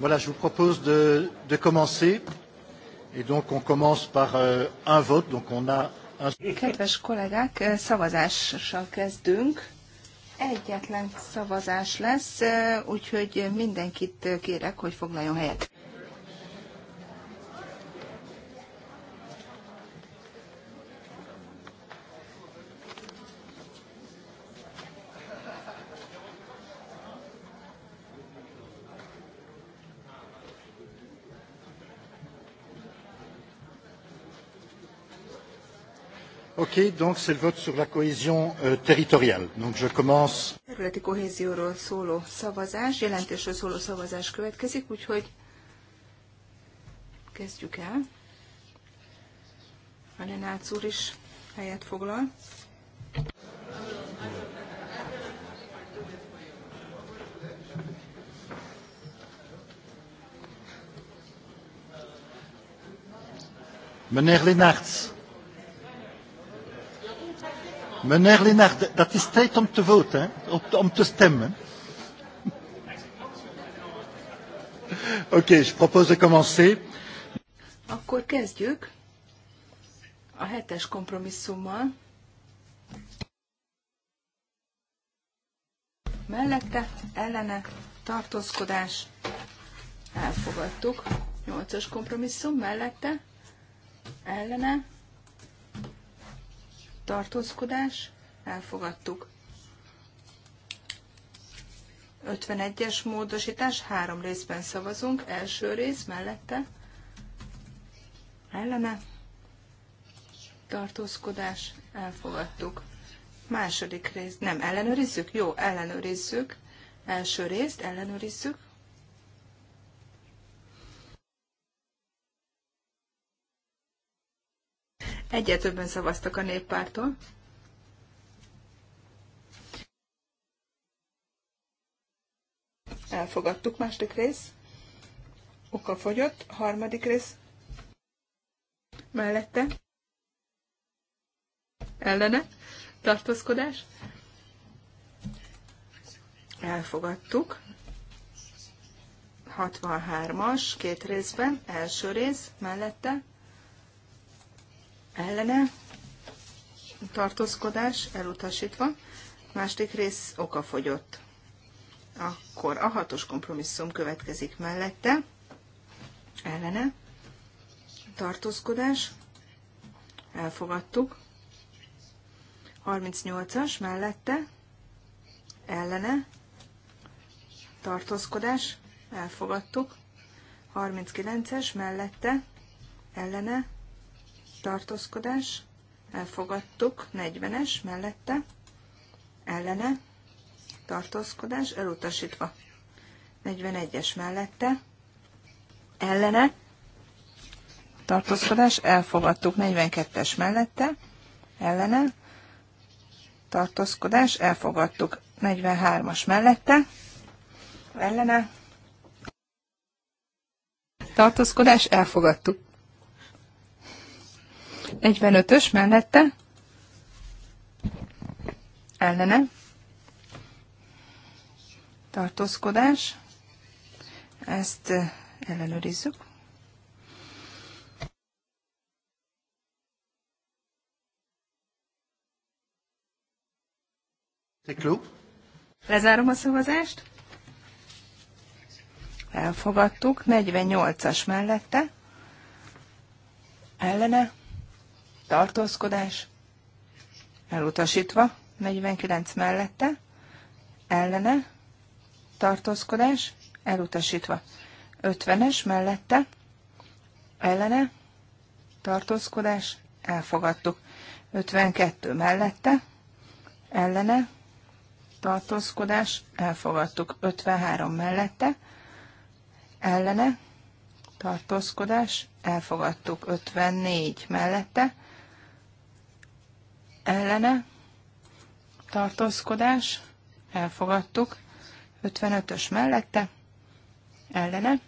Voilà, je vous propose de, de commencer. Et donc on commence par euh, un vote, donc on a un... Kedves kollégák, euh, szavazással kezdünk. Egyetlen szavazás lesz, euh, úgyhogy mindenkit euh, kérek, hogy foglaljon helyet. attaquer, donc c'est le vote sur la cohésion euh, territoriale. Donc je commence. Területi kohézióról szóló szavazás, jelentésről szóló szavazás következik, úgyhogy kezdjük el. A Lenác úr is helyet foglal. Meneer Lenárc. Meneer Lennart, dat is tijd om te voten, hè? om te stemmen. Oké, okay, je propose de commencer. Akkor kezdjük a hetes kompromisszummal. Mellette, ellene, tartózkodás, elfogadtuk. Nyolcas kompromisszum mellette, ellene, tartózkodás, elfogadtuk. 51-es módosítás, három részben szavazunk, első rész mellette, ellene, tartózkodás, elfogadtuk. Második rész, nem, ellenőrizzük? Jó, ellenőrizzük. Első részt ellenőrizzük. Egyre többen szavaztak a néppártól. Elfogadtuk. Második rész. Oka fogyott. Harmadik rész. Mellette. Ellene. Tartózkodás. Elfogadtuk. 63-as, két részben, első rész, mellette, ellene tartózkodás elutasítva, második rész okafogyott. Akkor a hatos kompromisszum következik mellette, ellene tartózkodás, elfogadtuk. 38-as mellette, ellene tartózkodás, elfogadtuk. 39-es mellette, ellene tartózkodás, elfogadtuk, 40-es mellette, ellene, tartózkodás, elutasítva, 41-es mellette, ellene, tartózkodás, elfogadtuk, 42-es mellette, ellene, tartózkodás, elfogadtuk, 43-as mellette, ellene, tartózkodás, elfogadtuk. 45-ös mellette ellene tartózkodás. Ezt ellenőrizzük. Lezárom a szavazást. Elfogadtuk. 48-as mellette. Ellene tartózkodás, elutasítva, 49 mellette, ellene, tartózkodás, elutasítva, 50-es mellette, ellene, tartózkodás, elfogadtuk, 52 mellette, ellene, tartózkodás, elfogadtuk, 53 mellette, ellene, tartózkodás, elfogadtuk 54 mellette, ellene, tartózkodás, elfogadtuk, 55-ös mellette, ellene,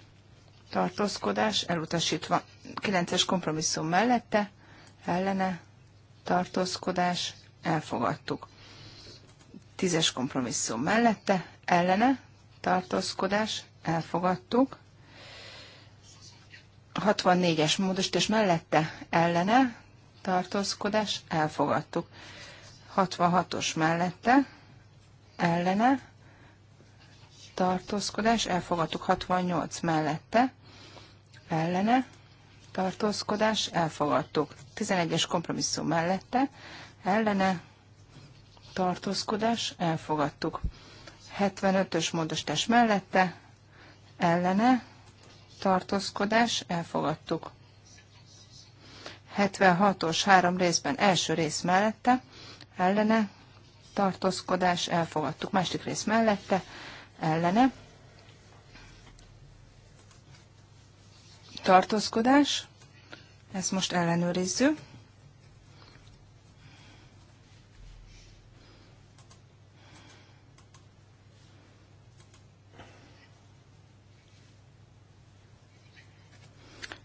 tartózkodás, elutasítva, 9-es kompromisszum mellette, ellene, tartózkodás, elfogadtuk. 10-es kompromisszum mellette, ellene, tartózkodás, elfogadtuk. 64-es módosítás mellette, ellene, tartózkodás, elfogadtuk. 66-os mellette, ellene, tartózkodás, elfogadtuk. 68 mellette, ellene, tartózkodás, elfogadtuk. 11-es kompromisszum mellette, ellene, tartózkodás, elfogadtuk. 75-ös módosítás mellette, ellene, tartózkodás, elfogadtuk. 76-os három részben első rész mellette, ellene, tartózkodás, elfogadtuk. Másik rész mellette, ellene, tartózkodás, ezt most ellenőrizzük.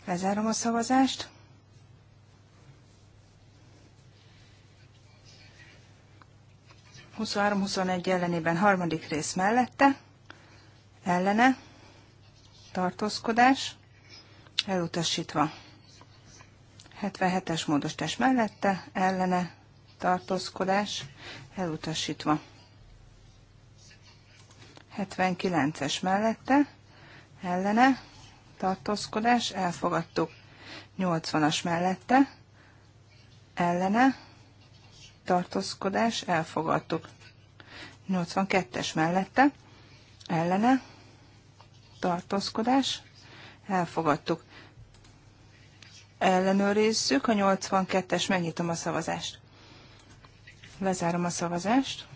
Lezárom a szavazást. 23-21 ellenében harmadik rész mellette, ellene, tartózkodás, elutasítva. 77-es módosítás mellette, ellene, tartózkodás, elutasítva. 79-es mellette, ellene, tartózkodás, elfogadtuk. 80-as mellette, ellene, tartózkodás, elfogadtuk. 82-es mellette, ellene, tartózkodás, elfogadtuk. Ellenőrizzük a 82-es, megnyitom a szavazást. Lezárom a szavazást.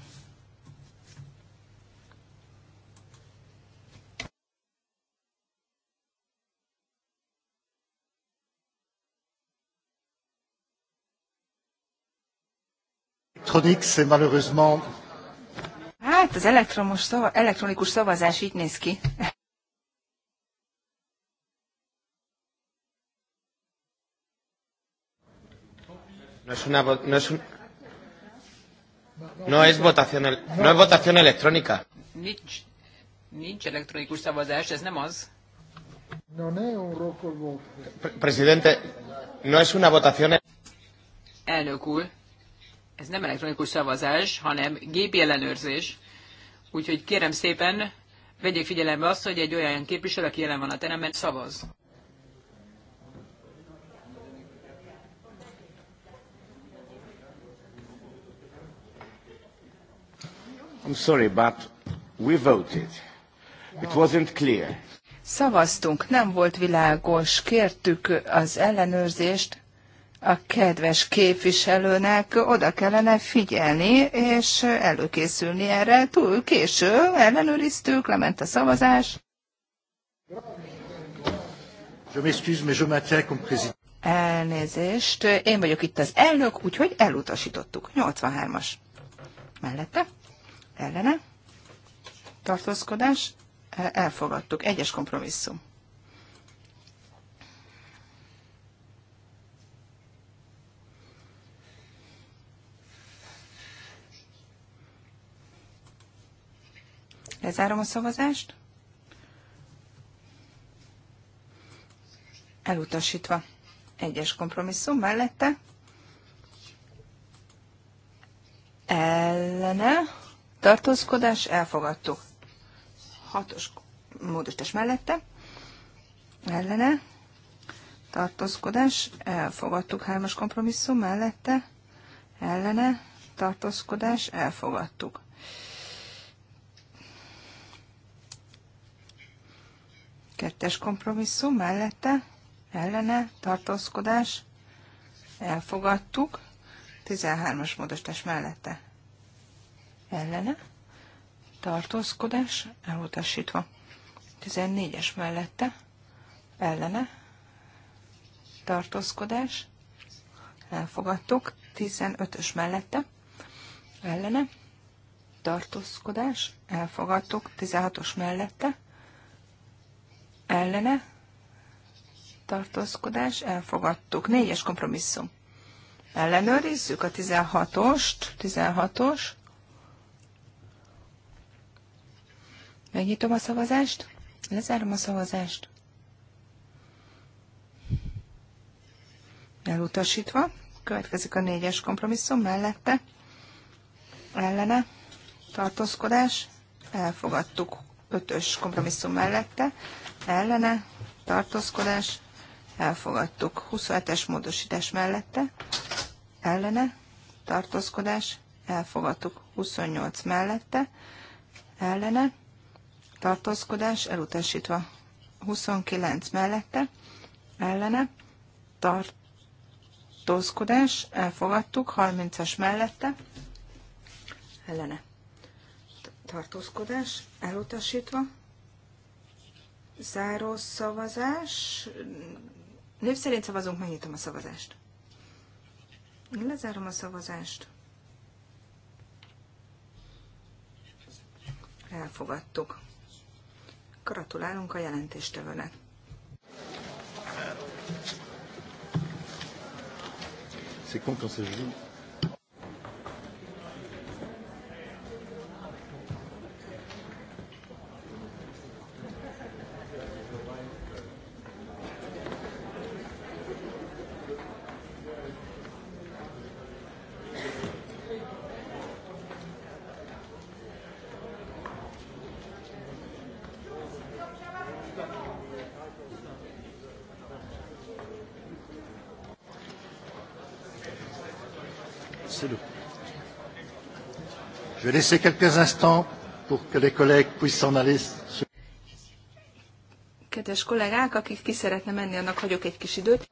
électronique, c'est malheureusement... Hát az elektromos szava, elektronikus szavazás így néz ki. No es votación, no es votación electrónica. Nincs, nincs elektronikus szavazás, ez nem az. Presidente, no es una votación. E- Elnök úr, ez nem elektronikus szavazás, hanem gépi ellenőrzés. Úgyhogy kérem szépen, vegyék figyelembe azt, hogy egy olyan képviselő, aki jelen van a teremben, szavaz. I'm sorry, but we voted. It wasn't clear. Szavaztunk, nem volt világos, kértük az ellenőrzést a kedves képviselőnek oda kellene figyelni, és előkészülni erre. Túl késő, ellenőriztük, lement a szavazás. Elnézést, én vagyok itt az elnök, úgyhogy elutasítottuk. 83-as. Mellette? Ellene? Tartózkodás? E, elfogadtuk. Egyes kompromisszum. Lezárom a szavazást. Elutasítva. Egyes kompromisszum mellette. Ellene. Tartózkodás. Elfogadtuk. Hatos módosítás mellette. Ellene. Tartózkodás. Elfogadtuk. Hármas kompromisszum mellette. Ellene. Tartózkodás. Elfogadtuk. Kettes kompromisszum mellette, ellene, tartózkodás, elfogadtuk. 13-as módosítás mellette, ellene, tartózkodás, elutasítva. 14-es mellette, ellene, tartózkodás, elfogadtuk. 15-ös mellette, ellene, tartózkodás, elfogadtuk. 16-os mellette, ellene, tartózkodás, elfogadtuk. Négyes kompromisszum. Ellenőrizzük a 16-ost, 16-os. Megnyitom a szavazást, lezárom a szavazást. Elutasítva, következik a négyes kompromisszum mellette, ellene, tartózkodás, elfogadtuk ötös kompromisszum mellette, ellene, tartózkodás, elfogadtuk. 27-es módosítás mellette, ellene, tartózkodás, elfogadtuk. 28 mellette, ellene, tartózkodás, elutasítva. 29 mellette, ellene, tartózkodás, elfogadtuk. 30-as mellette, ellene, tartózkodás, elutasítva. Záró szavazás. Név szerint szavazunk, megnyitom a szavazást. Lezárom a szavazást. Elfogadtuk. Gratulálunk a jelentéstevőnek. C'est con quand ça joue Je vais laisser quelques instants pour que les collègues puissent s'en aller. Kedves kollégák, akik ki szeretne menni, annak hagyok egy kis időt.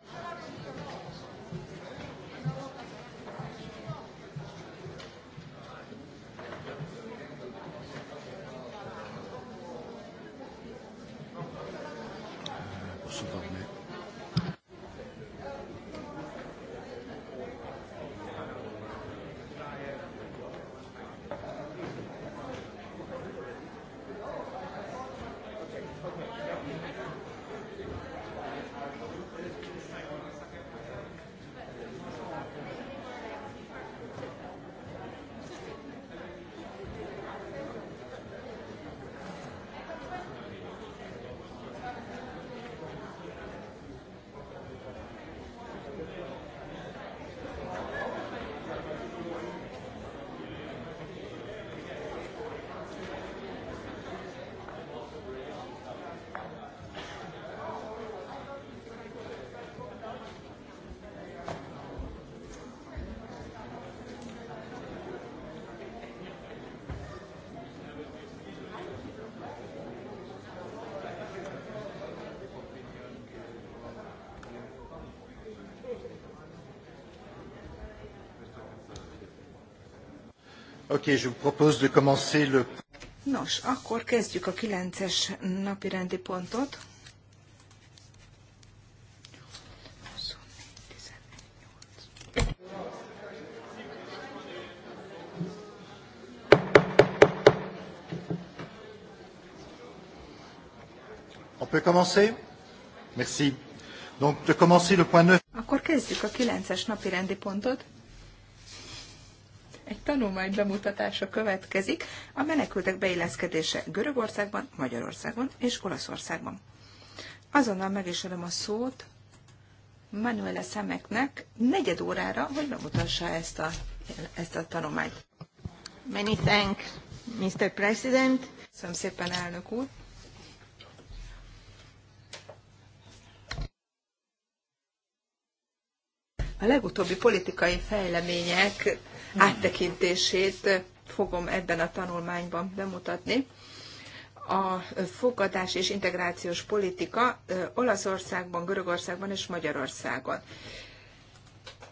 Okay, je vous propose de commencer le... Nos, akkor kezdjük a kilences napi rendi pontot. On peut commencer Merci. Donc, de commencer le point 9. Akkor kezdjük a kilences napi rendi pontot tanulmány bemutatása következik a menekültek beilleszkedése Görögországban, Magyarországon és Olaszországban. Azonnal meg is adom a szót Manuela Szemeknek negyed órára, hogy bemutassa ezt a, ezt a tanulmányt. Many thanks, Mr. President. Köszönöm szépen, elnök úr. a legutóbbi politikai fejlemények áttekintését fogom ebben a tanulmányban bemutatni. A fogadás és integrációs politika Olaszországban, Görögországban és Magyarországon.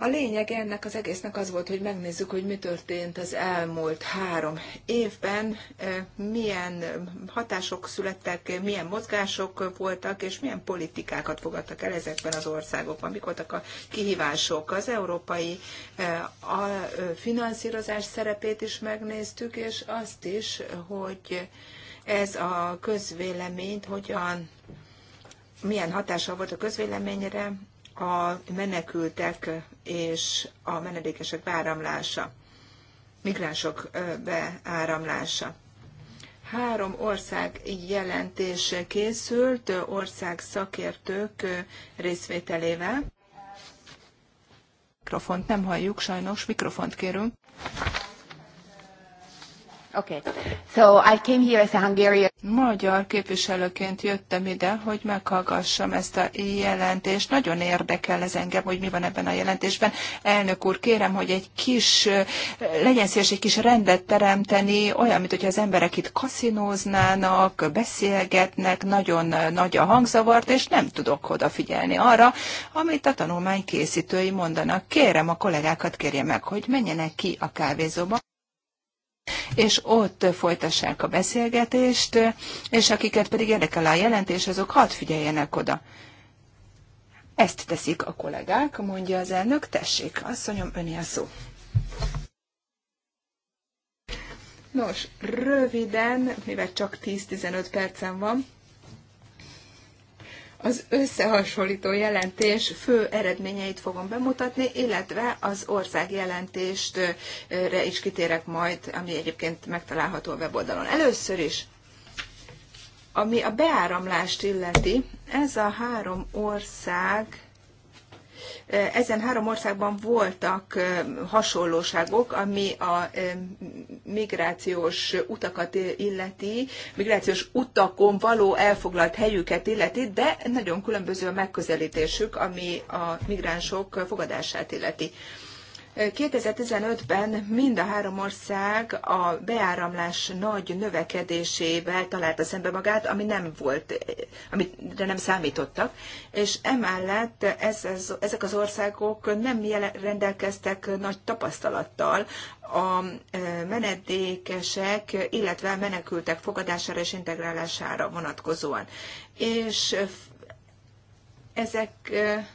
A lényeg ennek az egésznek az volt, hogy megnézzük, hogy mi történt az elmúlt három évben, e, milyen hatások születtek, milyen mozgások voltak, és milyen politikákat fogadtak el ezekben az országokban, mik voltak a kihívások. Az európai e, a e, finanszírozás szerepét is megnéztük, és azt is, hogy ez a közvéleményt hogyan milyen hatással volt a közvéleményre, a menekültek és a menedékesek beáramlása, migránsok beáramlása. Három ország jelentés készült, ország szakértők részvételével. Mikrofont nem halljuk sajnos, mikrofont kérünk. Okay. So I came here as a Hungarian. Magyar képviselőként jöttem ide, hogy meghallgassam ezt a jelentést. Nagyon érdekel ez engem, hogy mi van ebben a jelentésben. Elnök úr, kérem, hogy egy kis, legyen szíves egy kis rendet teremteni, olyan, mint hogyha az emberek itt kaszinóznának, beszélgetnek, nagyon nagy a hangzavart, és nem tudok odafigyelni arra, amit a tanulmány készítői mondanak. Kérem a kollégákat, kérje meg, hogy menjenek ki a kávézóba és ott folytassák a beszélgetést, és akiket pedig érdekel a jelentés, azok hadd figyeljenek oda. Ezt teszik a kollégák, mondja az elnök, tessék, asszonyom, öné a szó. Nos, röviden, mivel csak 10-15 percen van, az összehasonlító jelentés fő eredményeit fogom bemutatni, illetve az ország jelentést is kitérek majd, ami egyébként megtalálható a weboldalon. Először is, ami a beáramlást illeti, ez a három ország ezen három országban voltak hasonlóságok, ami a migrációs utakat illeti, migrációs utakon való elfoglalt helyüket illeti, de nagyon különböző a megközelítésük, ami a migránsok fogadását illeti. 2015-ben mind a három ország a beáramlás nagy növekedésével találta szembe magát, ami nem volt, amire nem számítottak, és emellett ez, ez, ezek az országok nem jelen, rendelkeztek nagy tapasztalattal a e, menedékesek, illetve menekültek fogadására és integrálására vonatkozóan. És e, ezek e,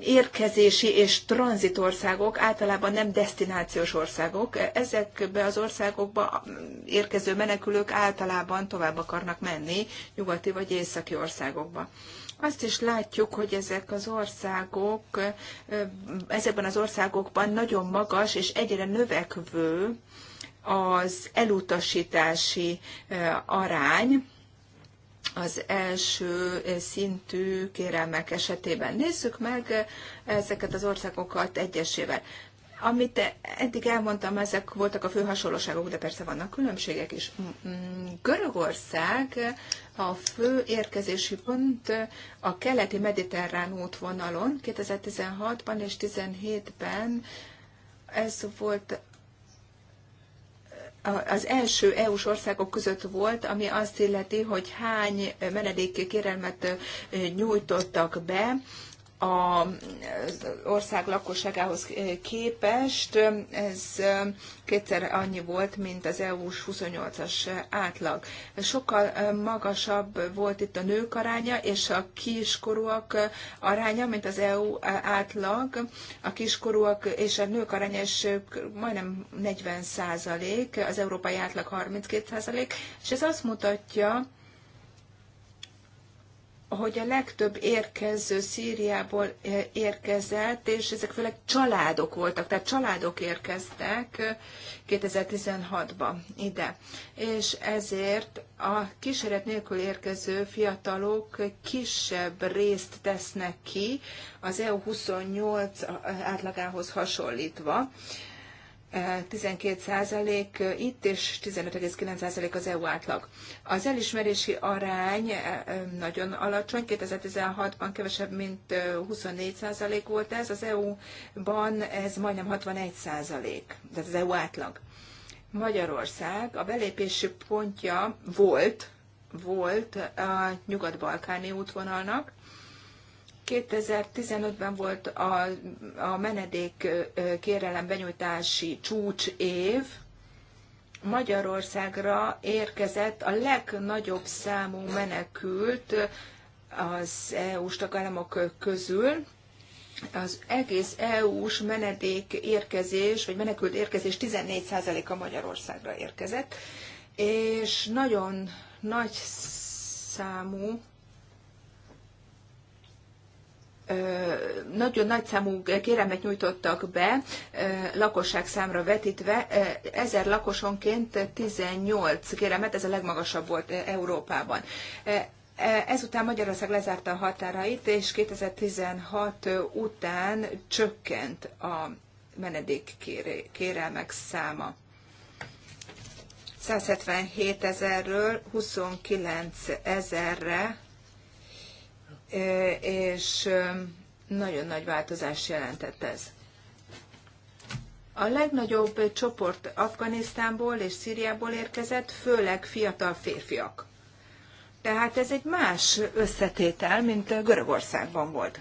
érkezési és tranzitországok általában nem destinációs országok. Ezekbe az országokba érkező menekülők általában tovább akarnak menni nyugati vagy északi országokba. Azt is látjuk, hogy ezek az országok, ezekben az országokban nagyon magas és egyre növekvő az elutasítási eh, arány, az első eh, szintű kérelmek esetében. Nézzük meg eh, ezeket az országokat egyesével. Amit eh, eddig elmondtam, ezek voltak a fő hasonlóságok, de persze vannak különbségek is. Mm, mm, Görögország a fő érkezési pont a keleti mediterrán útvonalon 2016-ban és 2017-ben ez volt az első EU-s országok között volt, ami azt illeti, hogy hány menedékkérelmet nyújtottak be, a ország lakosságához képest ez kétszer annyi volt, mint az EU-s 28-as átlag. Sokkal magasabb volt itt a nők aránya és a kiskorúak aránya, mint az EU átlag. A kiskorúak és a nők aránya is majdnem 40 százalék, az európai átlag 32 százalék, és ez azt mutatja, hogy a legtöbb érkező Szíriából eh, érkezett, és ezek főleg családok voltak, tehát családok érkeztek 2016-ban eh, ide. És ezért a kísérlet nélkül érkező fiatalok kisebb részt tesznek ki az EU28 átlagához hasonlítva 12% itt, és 15,9% az EU átlag. Az elismerési arány eh, eh, nagyon alacsony, 2016-ban kevesebb, mint 24% eh, volt ez, az EU-ban ez majdnem 61%, tehát az EU átlag. Magyarország a belépési pontja volt, volt a nyugat-balkáni útvonalnak, 2015-ben volt a, a menedék kérelem benyújtási csúcs év. Magyarországra érkezett a legnagyobb számú menekült az EU-s tagállamok közül. Az egész EU-s menedék érkezés, vagy menekült érkezés 14%-a Magyarországra érkezett, és nagyon nagy számú nagyon nagy számú kéremet nyújtottak be, lakosság számra vetítve, ezer lakosonként 18 kéremet, ez a legmagasabb volt Európában. Ezután Magyarország lezárta a határait, és 2016 után csökkent a menedékkérelmek száma. 177 ezerről 29 ezerre és nagyon nagy változás jelentett ez. A legnagyobb csoport Afganisztánból és Szíriából érkezett, főleg fiatal férfiak. Tehát ez egy más összetétel, mint Görögországban volt.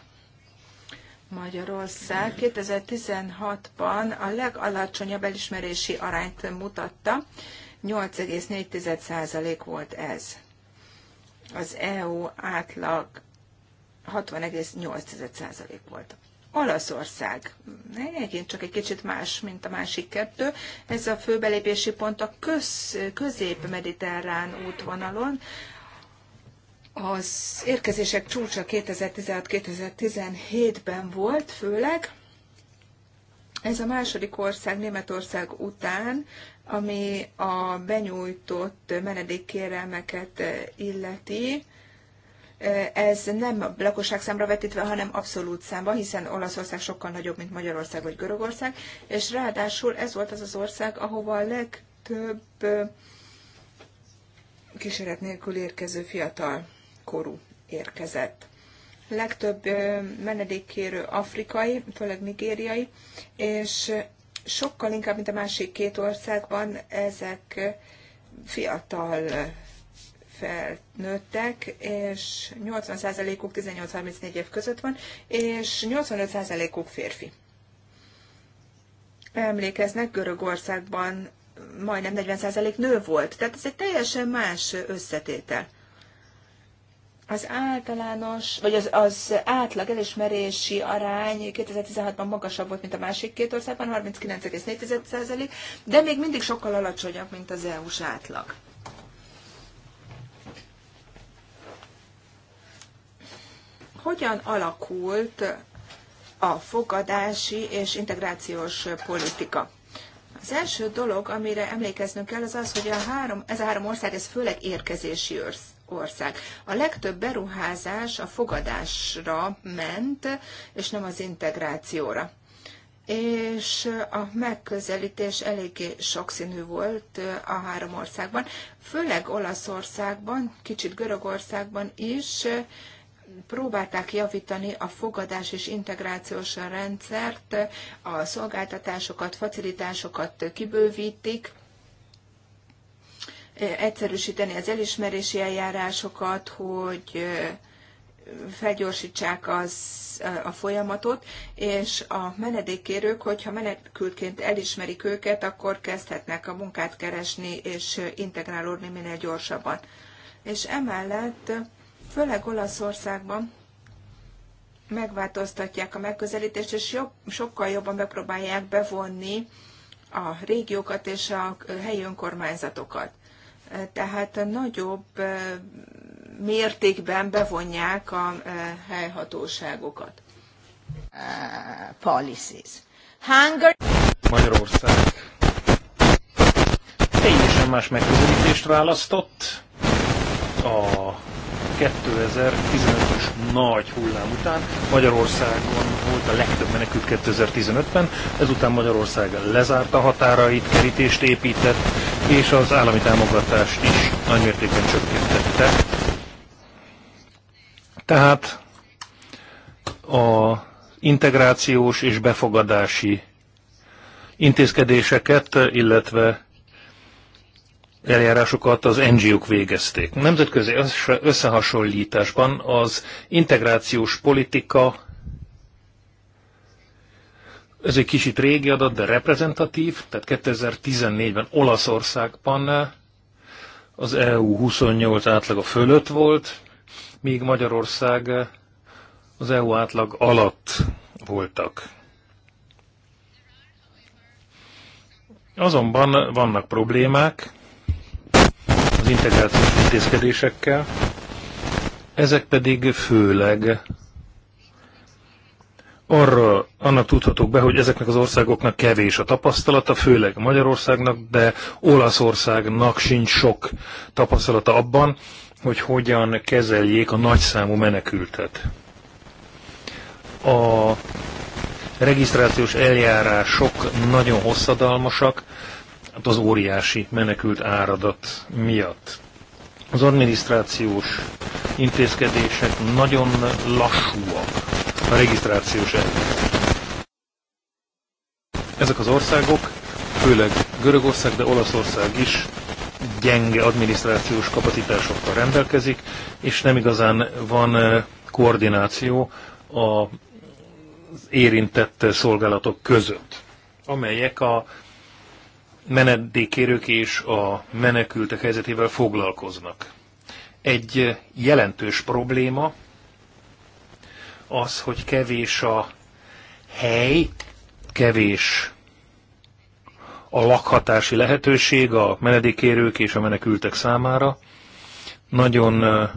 Magyarország 2016-ban a legalacsonyabb elismerési arányt mutatta, 8,4% volt ez. Az EU átlag 60,8% volt. Olaszország. Egyébként csak egy kicsit más, mint a másik kettő. Ez a fő belépési pont a köz, közép-mediterrán útvonalon. Az érkezések csúcsa 2016-2017-ben volt főleg. Ez a második ország Németország után, ami a benyújtott menedékkérelmeket illeti ez nem lakosság számra vetítve, hanem abszolút számba, hiszen Olaszország sokkal nagyobb, mint Magyarország vagy Görögország, és ráadásul ez volt az az ország, ahova a legtöbb kísérlet nélkül érkező fiatal korú érkezett. Legtöbb menedékkérő afrikai, főleg nigériai, és sokkal inkább, mint a másik két országban, ezek fiatal felnőttek, és 80%-uk 18-34 év között van, és 85%-uk férfi. Emlékeznek, Görögországban majdnem 40% nő volt, tehát ez egy teljesen más összetétel. Az általános, vagy az, az átlag elismerési arány 2016-ban magasabb volt, mint a másik két országban, 39,4%, de még mindig sokkal alacsonyabb, mint az EU-s átlag. hogyan alakult a fogadási és integrációs politika. Az első dolog, amire emlékeznünk kell, az az, hogy a három, ez a három ország, ez főleg érkezési ország. A legtöbb beruházás a fogadásra ment, és nem az integrációra. És a megközelítés eléggé sokszínű volt a három országban, főleg Olaszországban, kicsit Görögországban is, próbálták javítani a fogadás és integrációs rendszert, a szolgáltatásokat, facilitásokat kibővítik, egyszerűsíteni az elismerési eljárásokat, hogy felgyorsítsák az, a folyamatot, és a menedékkérők, hogyha menekültként elismerik őket, akkor kezdhetnek a munkát keresni és integrálódni minél gyorsabban. És emellett főleg Olaszországban megváltoztatják a megközelítést, és jobb, sokkal jobban megpróbálják bevonni a régiókat és a helyi önkormányzatokat. Tehát nagyobb mértékben bevonják a helyhatóságokat. Uh, policies. Hunger... Magyarország teljesen más megközelítést választott a 2015-ös nagy hullám után Magyarországon volt a legtöbb menekült 2015-ben, ezután Magyarország lezárta határait, kerítést épített, és az állami támogatást is nagymértékben csökkentette. Tehát a integrációs és befogadási intézkedéseket, illetve eljárásokat az NGO-k végezték. Nemzetközi összehasonlításban az integrációs politika, ez egy kicsit régi adat, de reprezentatív, tehát 2014-ben Olaszországban az EU 28 átlaga fölött volt, míg Magyarország az EU átlag alatt voltak. Azonban vannak problémák, az integrációs intézkedésekkel, ezek pedig főleg arra annak tudhatók be, hogy ezeknek az országoknak kevés a tapasztalata, főleg Magyarországnak, de Olaszországnak sincs sok tapasztalata abban, hogy hogyan kezeljék a nagyszámú menekültet. A regisztrációs eljárások nagyon hosszadalmasak, Hát az óriási menekült áradat miatt. Az adminisztrációs intézkedések nagyon lassúak a regisztrációs előtt. Ezek az országok, főleg Görögország, de Olaszország is gyenge adminisztrációs kapacitásokkal rendelkezik, és nem igazán van eh, koordináció az érintett szolgálatok között, amelyek a menedékérők és a menekültek helyzetével foglalkoznak. Egy jelentős probléma az, hogy kevés a hely, kevés a lakhatási lehetőség a menedékérők és a menekültek számára. Nagyon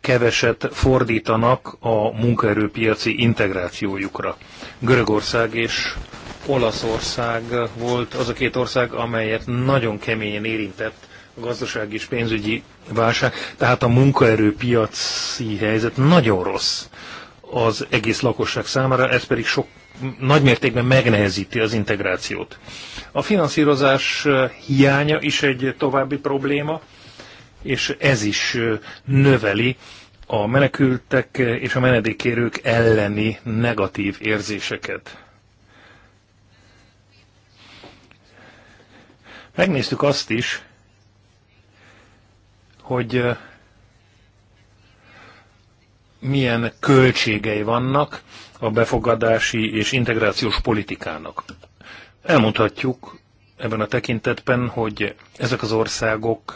keveset fordítanak a munkaerőpiaci integrációjukra. Görögország és Olaszország volt az a két ország, amelyet nagyon keményen érintett a gazdasági és pénzügyi válság, tehát a munkaerőpiaci helyzet nagyon rossz az egész lakosság számára, ez pedig sok nagymértékben megnehezíti az integrációt. A finanszírozás hiánya is egy további probléma, és ez is növeli a menekültek és a menedékkérők elleni negatív érzéseket. Megnéztük azt is, hogy milyen költségei vannak a befogadási és integrációs politikának. Elmondhatjuk ebben a tekintetben, hogy ezek az országok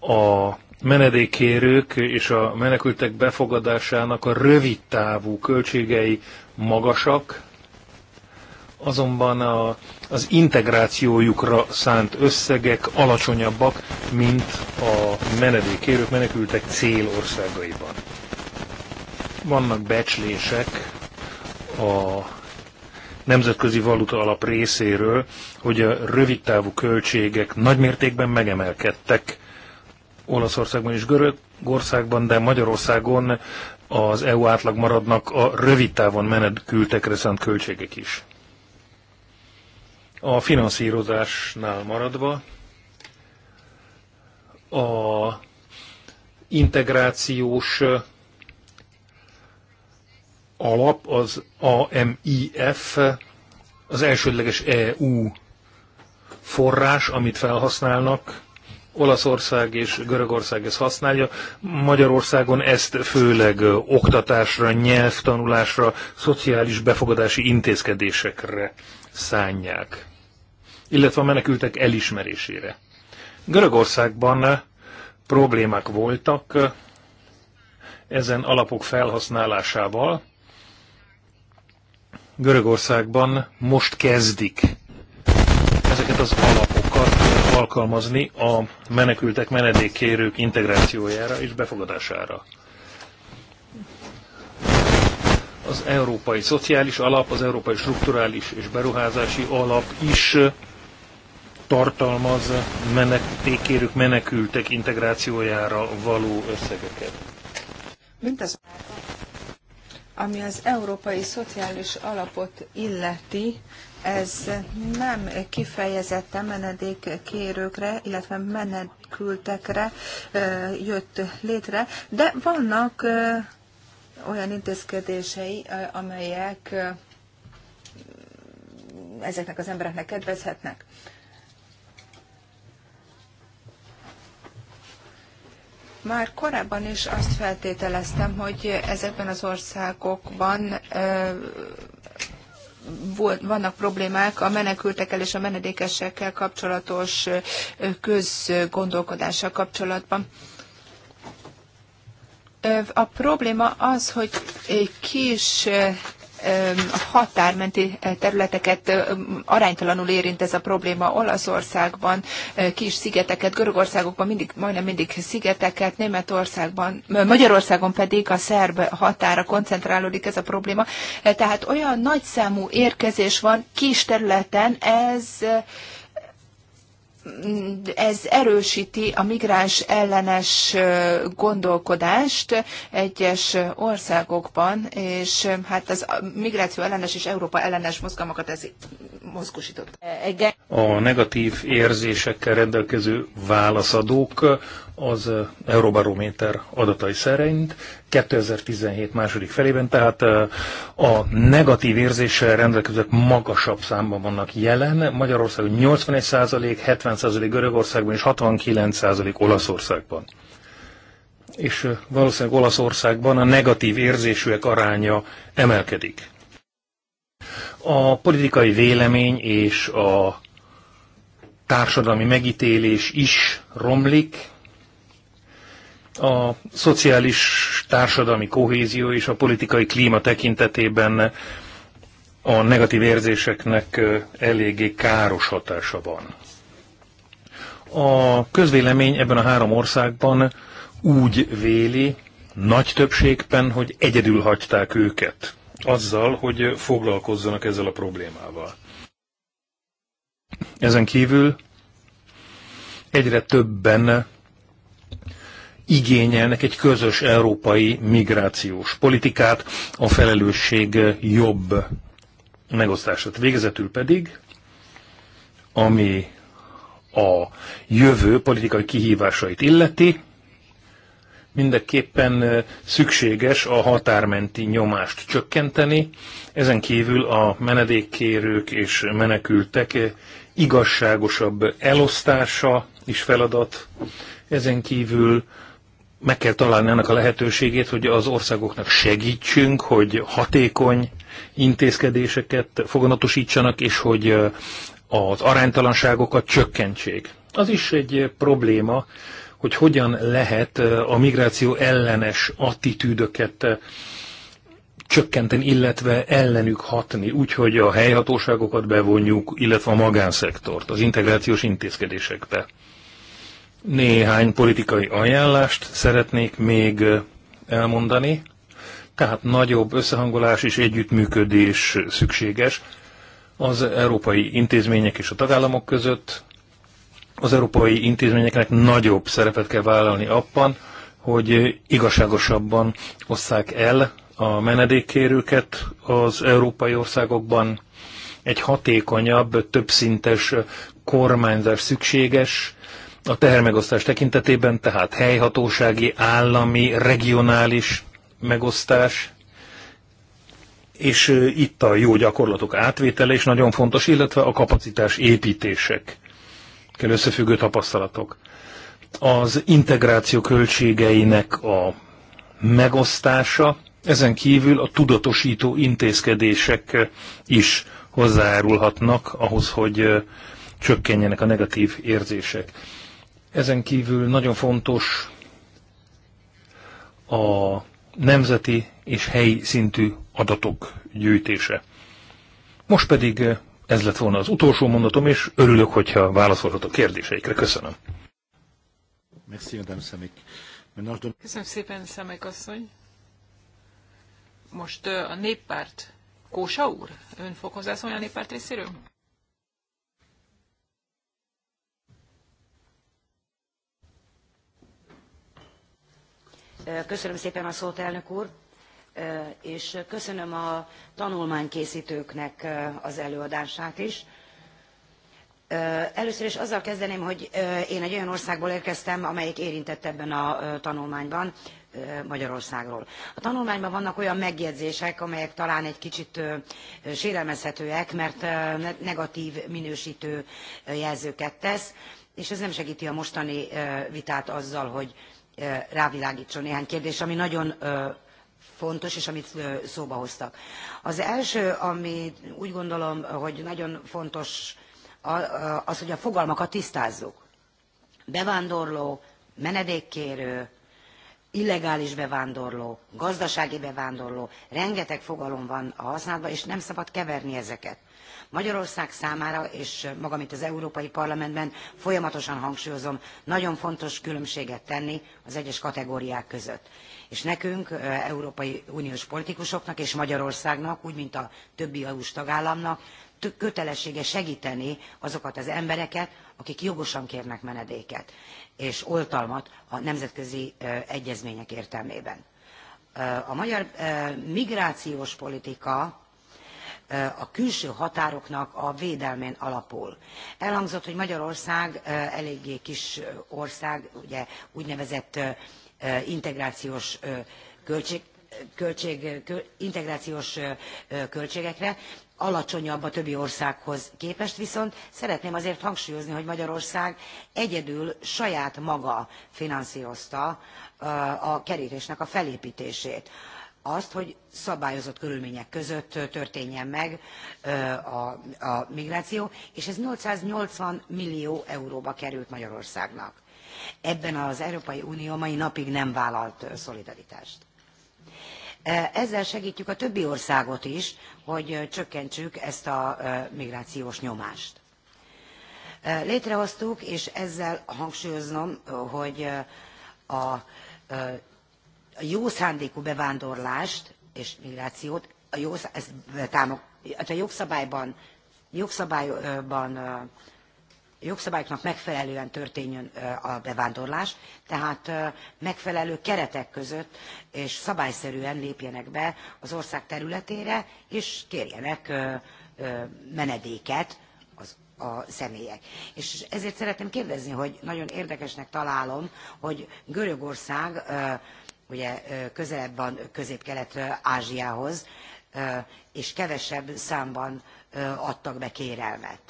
a menedékérők és a menekültek befogadásának a rövid távú költségei magasak, azonban a, az integrációjukra szánt összegek alacsonyabbak, mint a menedékérők menekültek célországaiban. Vannak becslések a nemzetközi valuta alap részéről, hogy a rövidtávú költségek nagymértékben megemelkedtek Olaszországban és Görögországban, de Magyarországon az EU átlag maradnak a rövid távon menedkültekre szánt költségek is. A finanszírozásnál maradva a integrációs alap, az AMIF, az elsődleges EU forrás, amit felhasználnak, Olaszország és Görögország ezt használja. Magyarországon ezt főleg oktatásra, nyelvtanulásra, szociális befogadási intézkedésekre szánják illetve a menekültek elismerésére. Görögországban eh, problémák voltak eh, ezen alapok felhasználásával. Görögországban most kezdik ezeket az alapokat eh, alkalmazni a menekültek, menedékkérők integrációjára és befogadására. Az Európai Szociális Alap, az Európai Strukturális és Beruházási Alap is tartalmaz menekültek, menekültek integrációjára való összegeket. az, ami az Európai Szociális Alapot illeti, ez nem kifejezetten menedékkérőkre, illetve menekültekre jött létre, de vannak olyan intézkedései, amelyek ezeknek az embereknek kedvezhetnek. Már korábban is azt feltételeztem, hogy ezekben az országokban vannak problémák a menekültekkel és a menedékesekkel kapcsolatos közgondolkodással kapcsolatban. A probléma az, hogy kis határmenti területeket aránytalanul érint ez a probléma Olaszországban, kis szigeteket, Görögországokban mindig, majdnem mindig szigeteket, Németországban, Magyarországon pedig a szerb határa koncentrálódik ez a probléma. Tehát olyan nagyszámú érkezés van kis területen, ez ez erősíti a migráns ellenes gondolkodást egyes országokban, és hát az migráció ellenes és Európa ellenes mozgalmakat ez mozgósított. A negatív érzésekkel rendelkező válaszadók az Euróbarométer adatai szerint 2017 második felében, tehát a negatív érzéssel rendelkezők magasabb számban vannak jelen. Magyarországon 81 70 Görögországban és 69 Olaszországban. És valószínűleg Olaszországban a negatív érzésűek aránya emelkedik. A politikai vélemény és a társadalmi megítélés is romlik, a szociális társadalmi kohézió és a politikai klíma tekintetében a negatív érzéseknek eléggé káros hatása van. A közvélemény ebben a három országban úgy véli, nagy többségben, hogy egyedül hagyták őket azzal, hogy foglalkozzanak ezzel a problémával. Ezen kívül egyre többen igényelnek egy közös európai migrációs politikát, a felelősség jobb megosztását. Végezetül pedig, ami a jövő politikai kihívásait illeti, mindenképpen szükséges a határmenti nyomást csökkenteni, ezen kívül a menedékkérők és menekültek igazságosabb elosztása is feladat, ezen kívül meg kell találni ennek a lehetőségét, hogy az országoknak segítsünk, hogy hatékony intézkedéseket foganatosítsanak, és hogy az aránytalanságokat csökkentsék. Az is egy probléma, hogy hogyan lehet a migráció ellenes attitűdöket csökkenteni, illetve ellenük hatni, úgyhogy a helyhatóságokat bevonjuk, illetve a magánszektort az integrációs intézkedésekbe. Néhány politikai ajánlást szeretnék még elmondani, tehát nagyobb összehangolás és együttműködés szükséges az európai intézmények és a tagállamok között. Az európai intézményeknek nagyobb szerepet kell vállalni abban, hogy igazságosabban osszák el a menedékkérőket az európai országokban. Egy hatékonyabb, többszintes kormányzás szükséges, a tehermegosztás tekintetében, tehát helyhatósági, állami, regionális megosztás, és itt a jó gyakorlatok átvétele is nagyon fontos, illetve a kapacitás építések kell összefüggő tapasztalatok. Az integráció költségeinek a megosztása, ezen kívül a tudatosító intézkedések is hozzájárulhatnak ahhoz, hogy csökkenjenek a negatív érzések. Ezen kívül nagyon fontos a nemzeti és helyi szintű adatok gyűjtése. Most pedig eh, ez lett volna az utolsó mondatom, és örülök, hogyha válaszolhatok kérdéseikre. Köszönöm. Merci, Köszönöm szépen, Szemek asszony. Most eh, a néppárt. Kósa úr, ön fog hozzászólni a néppárt részéről? Köszönöm szépen a szót, elnök úr, és köszönöm a tanulmánykészítőknek az előadását is. Először is azzal kezdeném, hogy én egy olyan országból érkeztem, amelyik érintett ebben a tanulmányban, Magyarországról. A tanulmányban vannak olyan megjegyzések, amelyek talán egy kicsit sérelmezhetőek, mert negatív minősítő jelzőket tesz, és ez nem segíti a mostani vitát azzal, hogy rávilágítson néhány kérdés, ami nagyon fontos, és amit szóba hoztak. Az első, ami úgy gondolom, hogy nagyon fontos, az, hogy a fogalmakat tisztázzuk. Bevándorló, menedékkérő, illegális bevándorló, gazdasági bevándorló, rengeteg fogalom van a használatban, és nem szabad keverni ezeket. Magyarország számára, és magam itt az Európai Parlamentben folyamatosan hangsúlyozom, nagyon fontos különbséget tenni az egyes kategóriák között és nekünk, Európai Uniós politikusoknak és Magyarországnak, úgy, mint a többi EU-s tagállamnak, kötelessége segíteni azokat az embereket, akik jogosan kérnek menedéket és oltalmat a nemzetközi egyezmények értelmében. A magyar migrációs politika a külső határoknak a védelmén alapul. Elhangzott, hogy Magyarország eléggé kis ország, ugye úgynevezett integrációs költség, költség, integrációs költségekre, alacsonyabb a többi országhoz képest, viszont szeretném azért hangsúlyozni, hogy Magyarország egyedül saját maga finanszírozta a kerítésnek a felépítését azt, hogy szabályozott körülmények között történjen meg a, a migráció, és ez 880 millió euróba került Magyarországnak. Ebben az Európai Unió mai napig nem vállalt szolidaritást. Ezzel segítjük a többi országot is, hogy csökkentsük ezt a migrációs nyomást. Létrehoztuk, és ezzel hangsúlyoznom, hogy a a jó szándékú bevándorlást és migrációt a, jó, ez támog, hát a jogszabályban, jogszabályban jogszabályoknak megfelelően történjön a bevándorlás, tehát megfelelő keretek között és szabályszerűen lépjenek be az ország területére, és kérjenek menedéket az, a személyek. És ezért szeretném kérdezni, hogy nagyon érdekesnek találom, hogy Görögország ugye közelebb van Közép-Kelet-Ázsiához, és kevesebb számban adtak be kérelmet,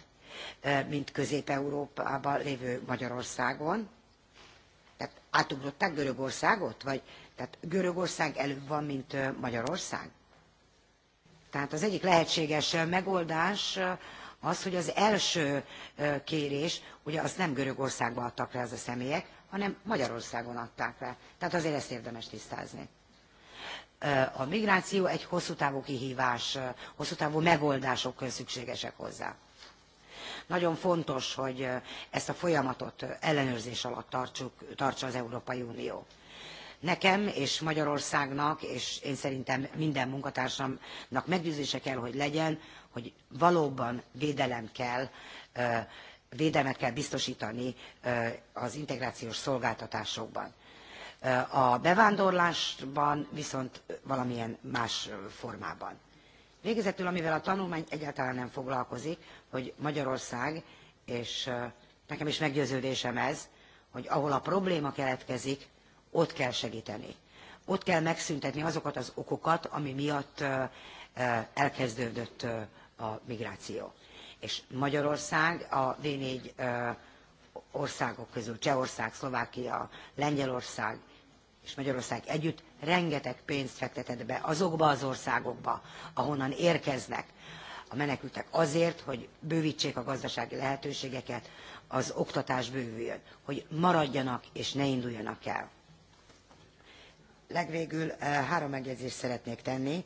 mint Közép-Európában lévő Magyarországon. Tehát átugrották Görögországot? Vagy, tehát Görögország előbb van, mint Magyarország? Tehát az egyik lehetséges megoldás az, hogy az első kérés, ugye azt nem Görögországba adtak le az a személyek, hanem Magyarországon adták le. Tehát azért ezt érdemes tisztázni. A migráció egy hosszú távú kihívás, hosszú távú megoldások szükségesek hozzá. Nagyon fontos, hogy ezt a folyamatot ellenőrzés alatt tartsuk, tartsa az Európai Unió nekem és Magyarországnak, és én szerintem minden munkatársamnak meggyőzése kell, hogy legyen, hogy valóban védelem kell védelmet kell biztosítani az integrációs szolgáltatásokban. A bevándorlásban viszont valamilyen más formában. Végezetül, amivel a tanulmány egyáltalán nem foglalkozik, hogy Magyarország, és nekem is meggyőződésem ez, hogy ahol a probléma keletkezik, ott kell segíteni. Ott kell megszüntetni azokat az okokat, ami miatt elkezdődött a migráció és Magyarország a V4 országok közül, Csehország, Szlovákia, Lengyelország és Magyarország együtt rengeteg pénzt fektetett be azokba az országokba, ahonnan érkeznek a menekültek azért, hogy bővítsék a gazdasági lehetőségeket, az oktatás bővüljön, hogy maradjanak és ne induljanak el. Legvégül három megjegyzést szeretnék tenni,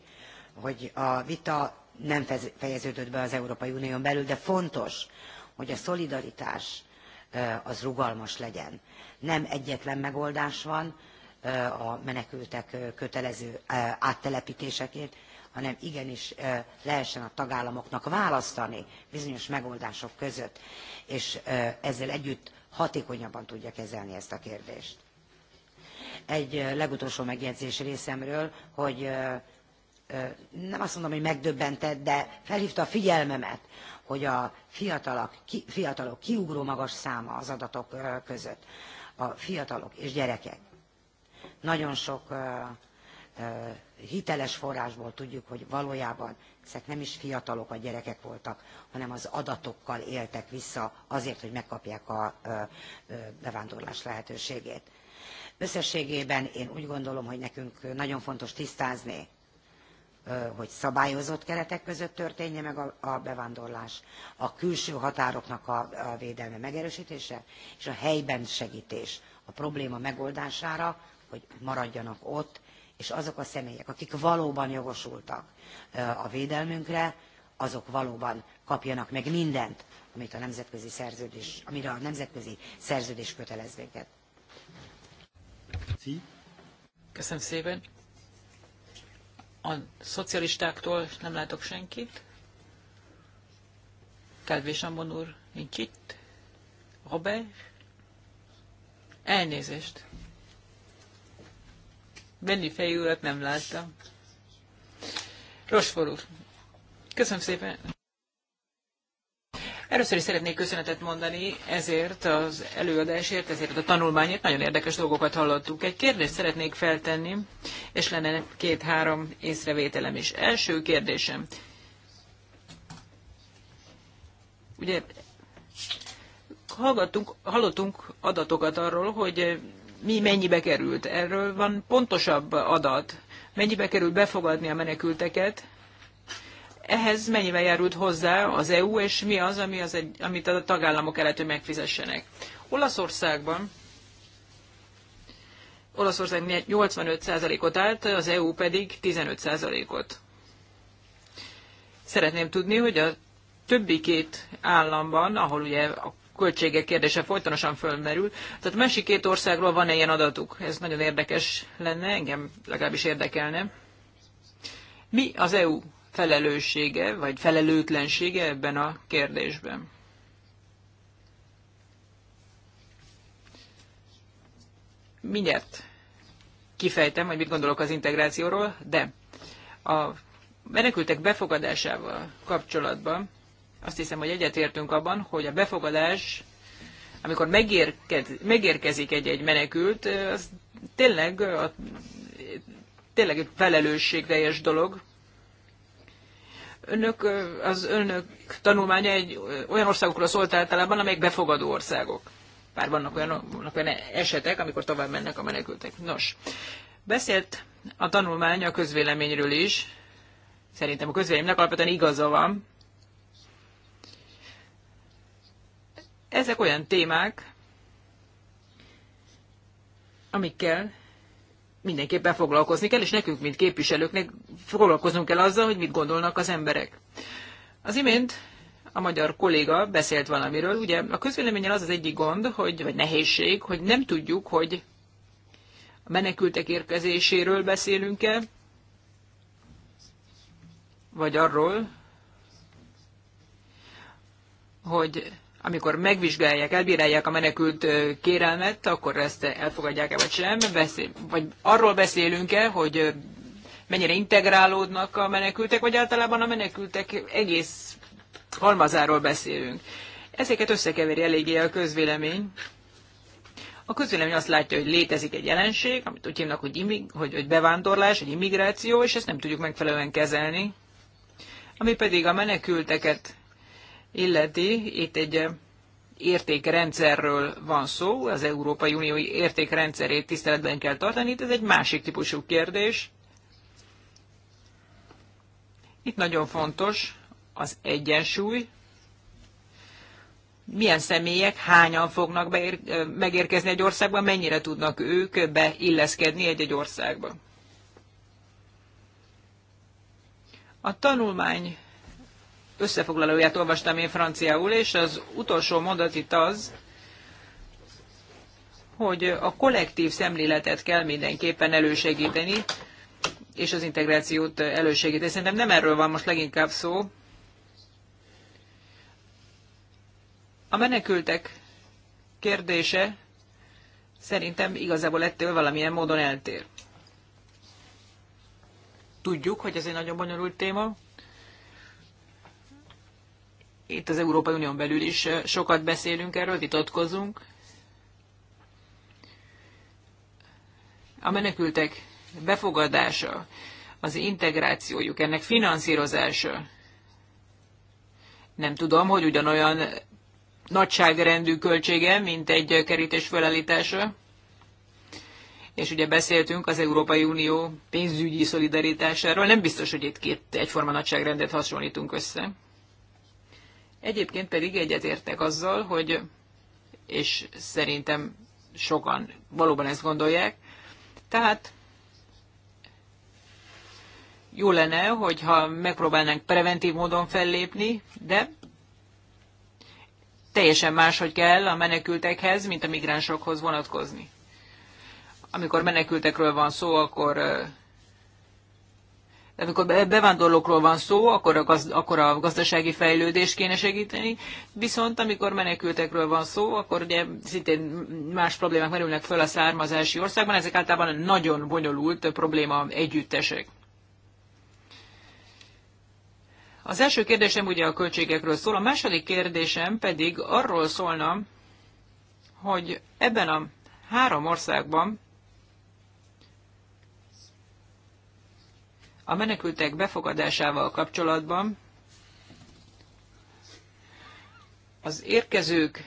hogy a vita nem fejeződött be az Európai Unión belül, de fontos, hogy a szolidaritás az rugalmas legyen. Nem egyetlen megoldás van a menekültek kötelező áttelepítésekét, hanem igenis lehessen a tagállamoknak választani bizonyos megoldások között, és ezzel együtt hatékonyabban tudja kezelni ezt a kérdést. Egy legutolsó megjegyzés részemről, hogy nem azt mondom, hogy megdöbbentett, de felhívta a figyelmemet, hogy a fiatalok, ki, fiatalok kiugró magas száma az adatok között, a fiatalok és gyerekek. Nagyon sok hiteles forrásból tudjuk, hogy valójában ezek nem is fiatalok a gyerekek voltak, hanem az adatokkal éltek vissza azért, hogy megkapják a bevándorlás lehetőségét. Összességében én úgy gondolom, hogy nekünk nagyon fontos tisztázni, hogy szabályozott keretek között történje meg a, a bevándorlás, a külső határoknak a, a védelme megerősítése, és a helyben segítés a probléma megoldására, hogy maradjanak ott, és azok a személyek, akik valóban jogosultak a védelmünkre, azok valóban kapjanak meg mindent, amit a nemzetközi szerződés, amire a nemzetközi szerződés kötelez minket. Köszönöm szépen. A szocialistáktól nem látok senkit. Kedves Ambon úr nincs itt. Robert. Elnézést. Benni fejű nem láttam. Rosfor úr. Köszönöm szépen. Először is szeretnék köszönetet mondani ezért az előadásért, ezért a tanulmányért. Nagyon érdekes dolgokat hallottuk. Egy kérdést szeretnék feltenni, és lenne két-három észrevételem is. Első kérdésem. Ugye hallgattunk, hallottunk adatokat arról, hogy mi mennyibe került. Erről van pontosabb adat. Mennyibe kerül befogadni a menekülteket, ehhez mennyivel járult hozzá az EU, és mi az, ami az egy, amit a tagállamok kellett, hogy megfizessenek? Olaszországban Olaszország 85%-ot állt, az EU pedig 15%-ot. Szeretném tudni, hogy a többi két államban, ahol ugye a költségek kérdése folytonosan fölmerül. Tehát a másik két országról van-e ilyen adatuk? Ez nagyon érdekes lenne, engem legalábbis érdekelne. Mi az EU felelőssége, vagy felelőtlensége ebben a kérdésben. Mindjárt kifejtem, hogy mit gondolok az integrációról, de a menekültek befogadásával kapcsolatban azt hiszem, hogy egyetértünk abban, hogy a befogadás, amikor megérkezik, megérkezik egy-egy menekült, az tényleg, a, tényleg egy felelősségteljes dolog, önök, az önök tanulmánya egy olyan országokról szólt általában, amelyek befogadó országok. Bár vannak olyan, vannak olyan esetek, amikor tovább mennek a menekültek. Nos, beszélt a tanulmány a közvéleményről is. Szerintem a közvéleménynek alapvetően igaza van. Ezek olyan témák, amikkel mindenképpen foglalkozni kell, és nekünk, mint képviselőknek foglalkoznunk kell azzal, hogy mit gondolnak az emberek. Az imént a magyar kolléga beszélt valamiről. Ugye a közvéleményen az az egyik gond, hogy, vagy nehézség, hogy nem tudjuk, hogy a menekültek érkezéséről beszélünk-e, vagy arról, hogy amikor megvizsgálják, elbírálják a menekült kérelmet, akkor ezt elfogadják-e vagy sem, beszél, vagy arról beszélünk-e, hogy mennyire integrálódnak a menekültek, vagy általában a menekültek egész halmazáról beszélünk. Ezeket összekeveri eléggé a közvélemény. A közvélemény azt látja, hogy létezik egy jelenség, amit úgy hívnak, hogy, immig, hogy, hogy bevándorlás, egy immigráció, és ezt nem tudjuk megfelelően kezelni. Ami pedig a menekülteket illeti, itt egy értékrendszerről van szó, az Európai Unió értékrendszerét tiszteletben kell tartani, itt ez egy másik típusú kérdés. Itt nagyon fontos az egyensúly, milyen személyek hányan fognak beér, megérkezni egy országba, mennyire tudnak ők beilleszkedni egy-egy országba. A tanulmány összefoglalóját olvastam én franciául, és az utolsó mondat itt az, hogy a kollektív szemléletet kell mindenképpen elősegíteni, és az integrációt elősegíteni. Szerintem nem erről van most leginkább szó. A menekültek kérdése szerintem igazából ettől valamilyen módon eltér. Tudjuk, hogy ez egy nagyon bonyolult téma, itt az Európai Unión belül is sokat beszélünk erről, vitatkozunk. A menekültek befogadása, az integrációjuk, ennek finanszírozása. Nem tudom, hogy ugyanolyan nagyságrendű költsége, mint egy kerítés felállítása. És ugye beszéltünk az Európai Unió pénzügyi szolidaritásáról, nem biztos, hogy itt két egyforma nagyságrendet hasonlítunk össze. Egyébként pedig egyetértek azzal, hogy, és szerintem sokan valóban ezt gondolják, tehát jó lenne, hogyha megpróbálnánk preventív módon fellépni, de teljesen máshogy kell a menekültekhez, mint a migránsokhoz vonatkozni. Amikor menekültekről van szó, akkor de amikor bevándorlókról van szó, akkor a, gaz, akkor a gazdasági fejlődés kéne segíteni, viszont amikor menekültekről van szó, akkor ugye szintén más problémák merülnek föl a származási országban, ezek általában nagyon bonyolult probléma együttesek. Az első kérdésem ugye a költségekről szól, a második kérdésem pedig arról szólna, hogy ebben a három országban A menekültek befogadásával kapcsolatban az érkezők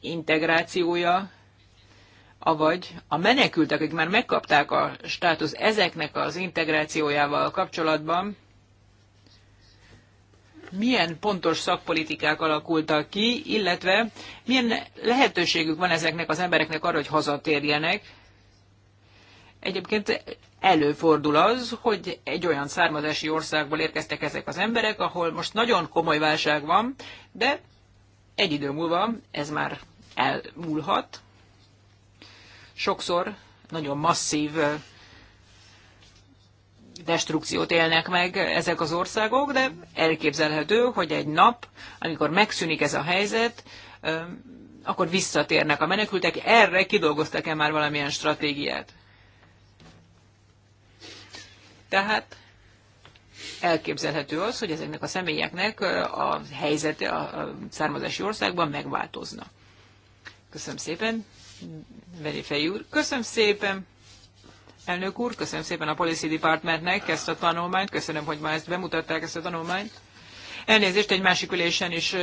integrációja, avagy a menekültek, akik már megkapták a státusz ezeknek az integrációjával kapcsolatban, milyen pontos szakpolitikák alakultak ki, illetve milyen lehetőségük van ezeknek az embereknek arra, hogy hazatérjenek, Egyébként előfordul az, hogy egy olyan származási országból érkeztek ezek az emberek, ahol most nagyon komoly válság van, de egy idő múlva ez már elmúlhat. Sokszor nagyon masszív destrukciót élnek meg ezek az országok, de elképzelhető, hogy egy nap, amikor megszűnik ez a helyzet, akkor visszatérnek a menekültek. Erre kidolgoztak-e már valamilyen stratégiát? Tehát elképzelhető az, hogy ezeknek a személyeknek a helyzete a származási országban megváltozna. Köszönöm szépen, Beni úr. Köszönöm szépen, elnök úr, köszönöm szépen a Policy Departmentnek ezt a tanulmányt, köszönöm, hogy ma ezt bemutatták, ezt a tanulmányt. Elnézést, egy másik ülésen is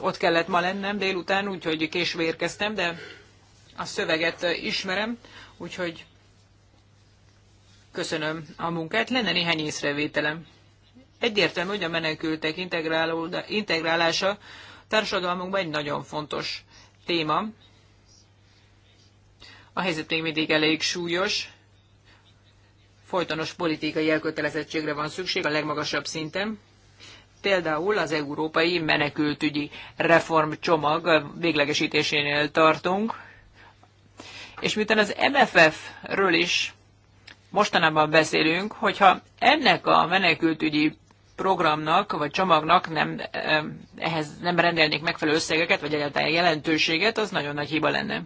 ott kellett ma lennem délután, úgyhogy késve érkeztem, de a szöveget ismerem, úgyhogy Köszönöm a munkát. Lenne néhány észrevételem. Egyértelmű, hogy a menekültek integrálása társadalmunkban egy nagyon fontos téma. A helyzet még mindig elég súlyos. Folytonos politikai elkötelezettségre van szükség a legmagasabb szinten. Például az európai menekültügyi reformcsomag véglegesítésénél tartunk. És miután az MFF-ről is mostanában beszélünk, hogyha ennek a menekültügyi programnak vagy csomagnak nem, ehhez nem rendelnék megfelelő összegeket, vagy egyáltalán jelentőséget, az nagyon nagy hiba lenne.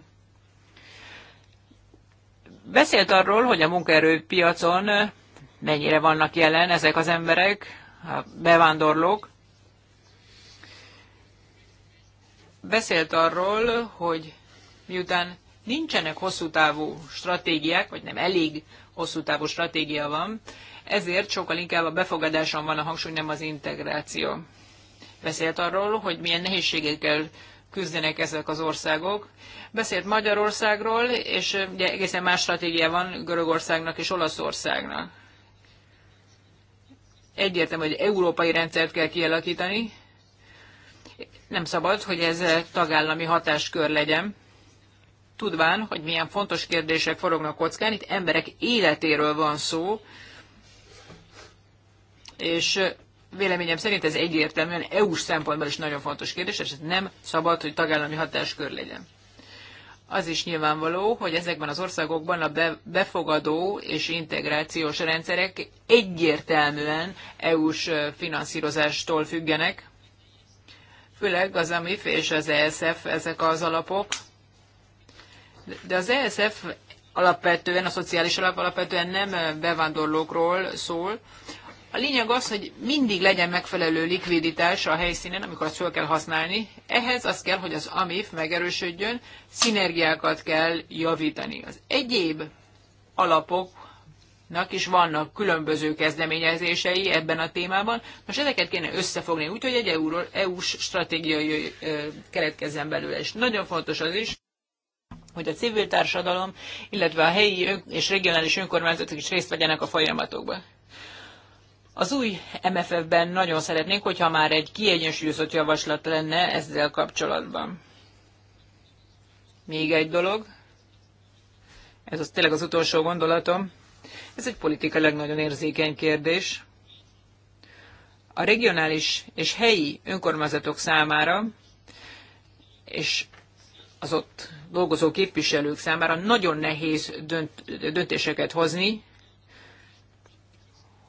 Beszélt arról, hogy a munkaerőpiacon mennyire vannak jelen ezek az emberek, a bevándorlók. Beszélt arról, hogy miután nincsenek hosszú távú stratégiák, vagy nem elég hosszú távú stratégia van, ezért sokkal inkább a befogadáson van a hangsúly, nem az integráció. Beszélt arról, hogy milyen nehézségekkel küzdenek ezek az országok. Beszélt Magyarországról, és ugye egészen más stratégia van Görögországnak és Olaszországnak. Egyértelmű, hogy európai rendszert kell kialakítani. Nem szabad, hogy ez tagállami hatáskör legyen tudván, hogy milyen fontos kérdések forognak kockán, itt emberek életéről van szó, és véleményem szerint ez egyértelműen EU-s szempontból is nagyon fontos kérdés, és ez nem szabad, hogy tagállami hatáskör legyen. Az is nyilvánvaló, hogy ezekben az országokban a befogadó és integrációs rendszerek egyértelműen EU-s finanszírozástól függenek, főleg az AMIF és az ESF, ezek az alapok, de az ESF alapvetően, a szociális alap alapvetően nem bevándorlókról szól. A lényeg az, hogy mindig legyen megfelelő likviditás a helyszínen, amikor azt fel kell használni. Ehhez az kell, hogy az AMIF megerősödjön, szinergiákat kell javítani. Az egyéb alapoknak is vannak különböző kezdeményezései ebben a témában. Most ezeket kéne összefogni, úgyhogy egy EU-s e stratégiai keletkezzen belőle. És nagyon fontos az is, hogy a civil társadalom, illetve a helyi és regionális önkormányzatok is részt vegyenek a folyamatokban. Az új MFF-ben nagyon szeretnénk, hogyha már egy kiegyensúlyozott javaslat lenne ezzel kapcsolatban. Még egy dolog, ez az tényleg az utolsó gondolatom, ez egy politikailag nagyon érzékeny kérdés. A regionális és helyi önkormányzatok számára, és az ott dolgozó képviselők számára nagyon nehéz dönt, döntéseket hozni,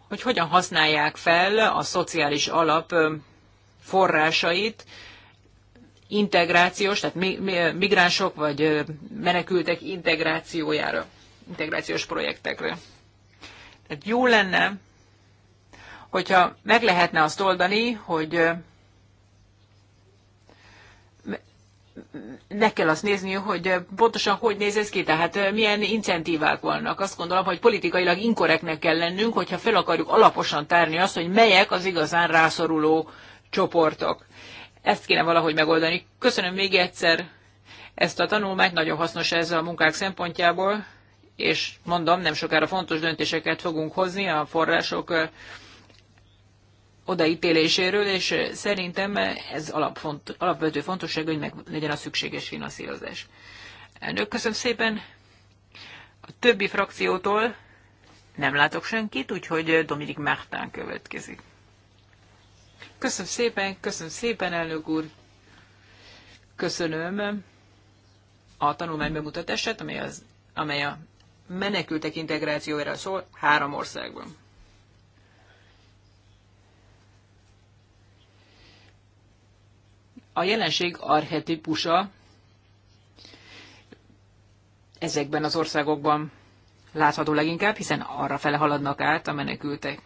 hogy hogyan használják fel a szociális alap forrásait, integrációs, tehát migránsok vagy menekültek integrációjára, integrációs projektekre. Tehát jó lenne, hogyha meg lehetne azt oldani, hogy meg kell azt nézni, hogy pontosan hogy néz ez ki, tehát milyen incentívák vannak. Azt gondolom, hogy politikailag inkoreknek kell lennünk, hogyha fel akarjuk alaposan tárni azt, hogy melyek az igazán rászoruló csoportok. Ezt kéne valahogy megoldani. Köszönöm még egyszer ezt a tanulmányt, nagyon hasznos ez a munkák szempontjából, és mondom, nem sokára fontos döntéseket fogunk hozni a források odaítéléséről, és szerintem ez alapfont, alapvető fontosság, hogy meg legyen a szükséges finanszírozás. Elnök, köszönöm szépen. A többi frakciótól nem látok senkit, úgyhogy Dominik Mártán következik. Köszönöm szépen, köszönöm szépen, elnök úr. Köszönöm a tanulmány bemutatását, amely, az, amely a menekültek integrációjára szól három országban. a jelenség archetipusa ezekben az országokban látható leginkább, hiszen arra fele haladnak át a menekültek.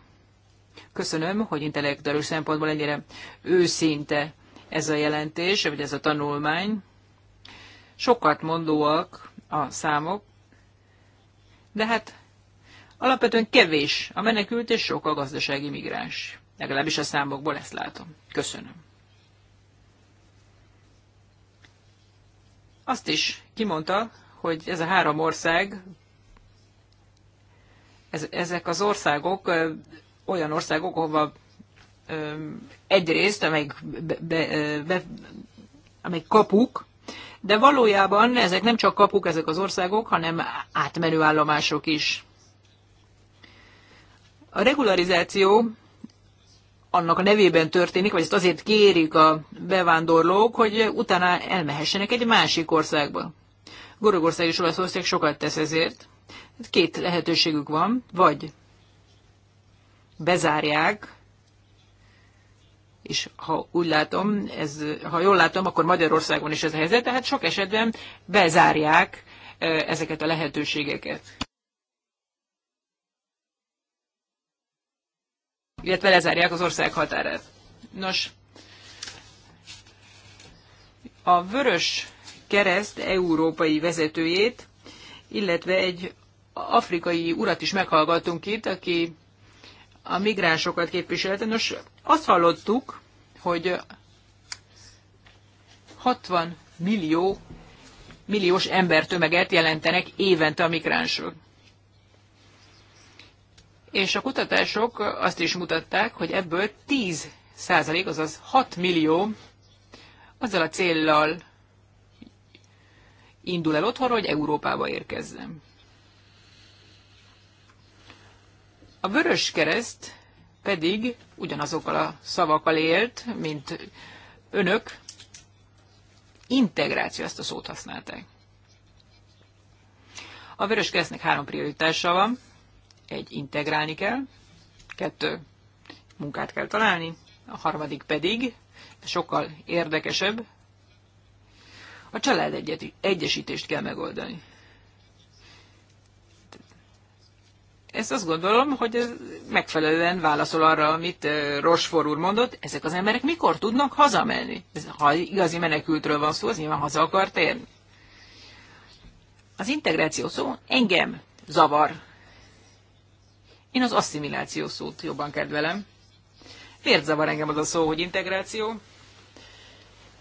Köszönöm, hogy intellektuális szempontból ennyire őszinte ez a jelentés, vagy ez a tanulmány. Sokat mondóak a számok, de hát alapvetően kevés a menekült és sok a gazdasági migráns. Legalábbis a számokból ezt látom. Köszönöm. azt is kimondta, hogy ez a három ország, ez, ezek az országok olyan országok, ahova egyrészt, amelyik, be, be, be, amelyik kapuk, de valójában ezek nem csak kapuk ezek az országok, hanem átmenő állomások is. A regularizáció annak a nevében történik, vagy ezt azért kérik a bevándorlók, hogy utána elmehessenek egy másik országba. Görögország és Olaszország sokat tesz ezért. Hát két lehetőségük van, vagy bezárják, és ha úgy látom, ez, ha jól látom, akkor Magyarországon is ez a helyzet, tehát sok esetben bezárják eh, ezeket a lehetőségeket. illetve lezárják az ország határát. Nos, a Vörös Kereszt európai vezetőjét, illetve egy afrikai urat is meghallgattunk itt, aki a migránsokat képviselte. Nos, azt hallottuk, hogy 60 millió milliós embertömeget jelentenek évente a migránsok és a kutatások azt is mutatták, hogy ebből 10 százalék, azaz 6 millió azzal a céllal indul el otthonról, hogy Európába érkezzen. A vörös kereszt pedig ugyanazokkal a szavakkal élt, mint önök, integráció, ezt a szót használták. A vörös keresztnek három prioritása van. Egy, integrálni kell. Kettő, munkát kell találni. A harmadik pedig, sokkal érdekesebb, a család egyet, egyesítést kell megoldani. Ezt azt gondolom, hogy ez megfelelően válaszol arra, amit Rosfor úr mondott, ezek az emberek mikor tudnak hazamenni? Ez, ha igazi menekültről van szó, az nyilván haza akar térni. Az integráció szó engem zavar. Én az asszimiláció szót jobban kedvelem. Miért zavar engem az a szó, hogy integráció?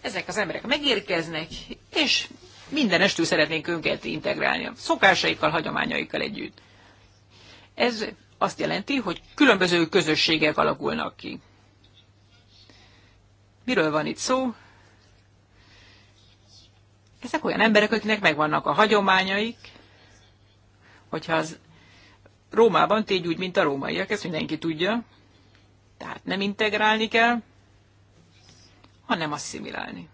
Ezek az emberek megérkeznek, és minden estül szeretnénk önket integrálni, a szokásaikkal, hagyományaikkal együtt. Ez azt jelenti, hogy különböző közösségek alakulnak ki. Miről van itt szó? Ezek olyan emberek, akiknek megvannak a hagyományaik, hogyha az Rómában tégy úgy, mint a rómaiak, ezt mindenki tudja. Tehát nem integrálni kell, hanem asszimilálni.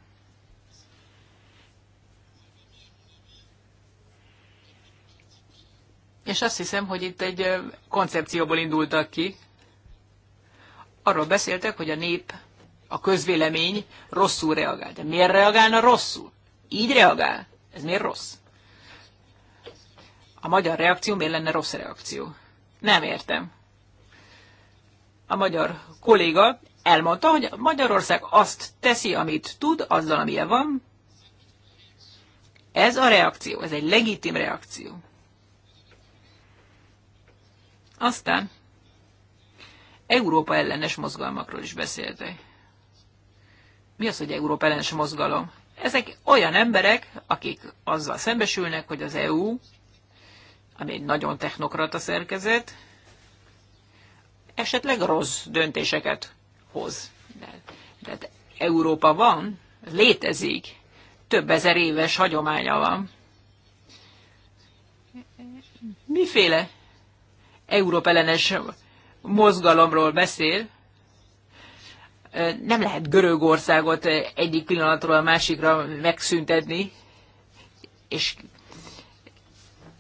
És azt hiszem, hogy itt egy koncepcióból indultak ki. Arról beszéltek, hogy a nép, a közvélemény rosszul reagál. De miért reagálna rosszul? Így reagál. Ez miért rossz? a magyar reakció miért lenne rossz reakció? Nem értem. A magyar kolléga elmondta, hogy Magyarország azt teszi, amit tud, azzal, amilyen van. Ez a reakció, ez egy legitim reakció. Aztán Európa ellenes mozgalmakról is beszéltek. Mi az, hogy Európa ellenes mozgalom? Ezek olyan emberek, akik azzal szembesülnek, hogy az EU ami egy nagyon technokrata szerkezet, esetleg rossz döntéseket hoz. De, de, Európa van, létezik, több ezer éves hagyománya van. Miféle európellenes mozgalomról beszél? Nem lehet Görögországot egyik pillanatról a másikra megszüntetni, és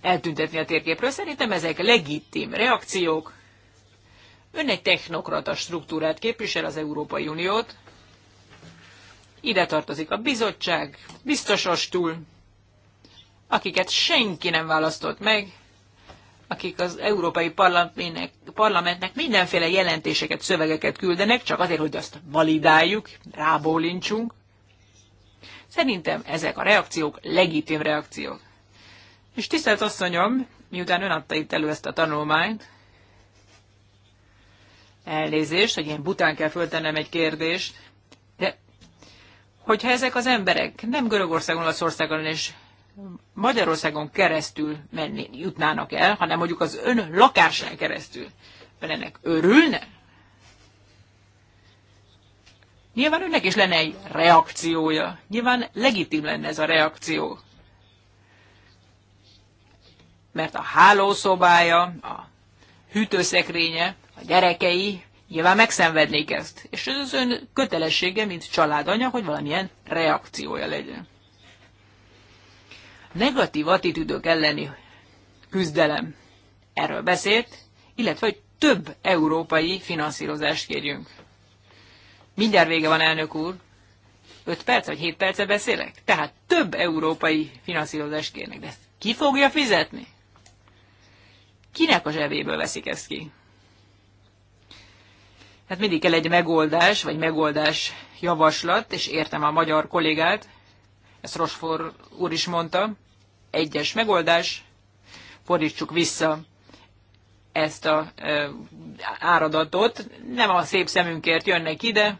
eltüntetni a térképről. Szerintem ezek legitim reakciók. Ön egy technokrata struktúrát képvisel az Európai Uniót. Ide tartozik a bizottság, biztosostul, akiket senki nem választott meg, akik az Európai Parlamentnek, parlamentnek mindenféle jelentéseket, szövegeket küldenek, csak azért, hogy azt validáljuk, rábólincsunk. Szerintem ezek a reakciók legitim reakciók. És tisztelt asszonyom, miután ön adta itt elő ezt a tanulmányt, elnézés, hogy ilyen bután kell föltennem egy kérdést, de hogyha ezek az emberek nem Görögországon, Olaszországon és Magyarországon keresztül menni, jutnának el, hanem mondjuk az ön lakásán keresztül, ön ennek örülne? Nyilván önnek is lenne egy reakciója. Nyilván legitim lenne ez a reakció mert a hálószobája, a hűtőszekrénye, a gyerekei nyilván megszenvednék ezt. És ez az ön kötelessége, mint családanya, hogy valamilyen reakciója legyen. Negatív attitűdök elleni küzdelem. Erről beszélt, illetve, hogy több európai finanszírozást kérjünk. Mindjárt vége van, elnök úr. 5 perc vagy 7 perce beszélek? Tehát több európai finanszírozást kérnek, de ezt ki fogja fizetni? Kinek a zsebéből veszik ezt ki? Hát mindig kell egy megoldás, vagy megoldás javaslat, és értem a magyar kollégát, ezt Rosfor úr is mondta, egyes megoldás, fordítsuk vissza ezt a e, áradatot. Nem a szép szemünkért jönnek ide,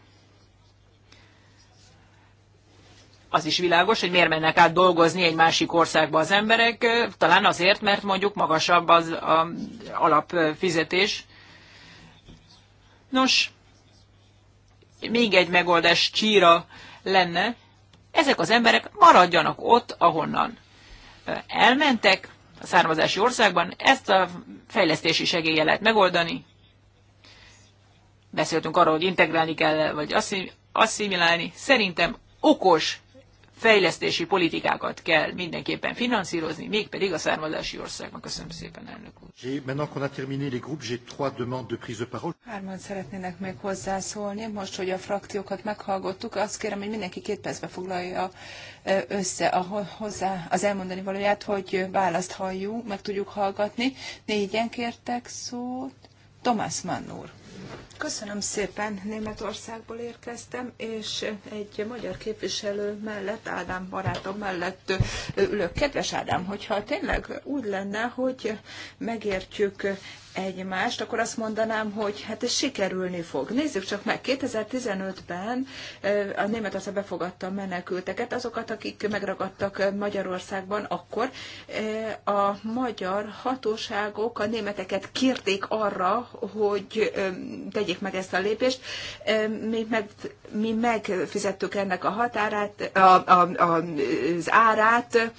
az is világos, hogy miért mennek át dolgozni egy másik országba az emberek, talán azért, mert mondjuk magasabb az a alapfizetés. Nos, még egy megoldás csíra lenne, ezek az emberek maradjanak ott, ahonnan elmentek, a származási országban, ezt a fejlesztési segélye lehet megoldani. Beszéltünk arról, hogy integrálni kell, vagy asszimilálni. Szerintem okos fejlesztési politikákat kell mindenképpen finanszírozni, mégpedig a származási országnak. Köszönöm szépen, elnök úr. Hárman szeretnének még hozzászólni. Most, hogy a frakciókat meghallgattuk, azt kérem, hogy mindenki két percbe foglalja össze a, hozzá az elmondani valóját, hogy választ halljuk, meg tudjuk hallgatni. Négyen kértek szót. Tomás Mann úr. Köszönöm szépen, Németországból érkeztem, és egy magyar képviselő mellett, Ádám barátom mellett ülök. Kedves Ádám, hogyha tényleg úgy lenne, hogy megértjük egymást, akkor azt mondanám, hogy hát ez sikerülni fog. Nézzük csak meg, 2015-ben a Németország befogadta a menekülteket, azokat, akik megragadtak Magyarországban akkor, a magyar hatóságok a németeket kérték arra, hogy tegyék meg ezt a lépést. Mi, meg, mi megfizettük ennek a határát, a, a, a, az árát,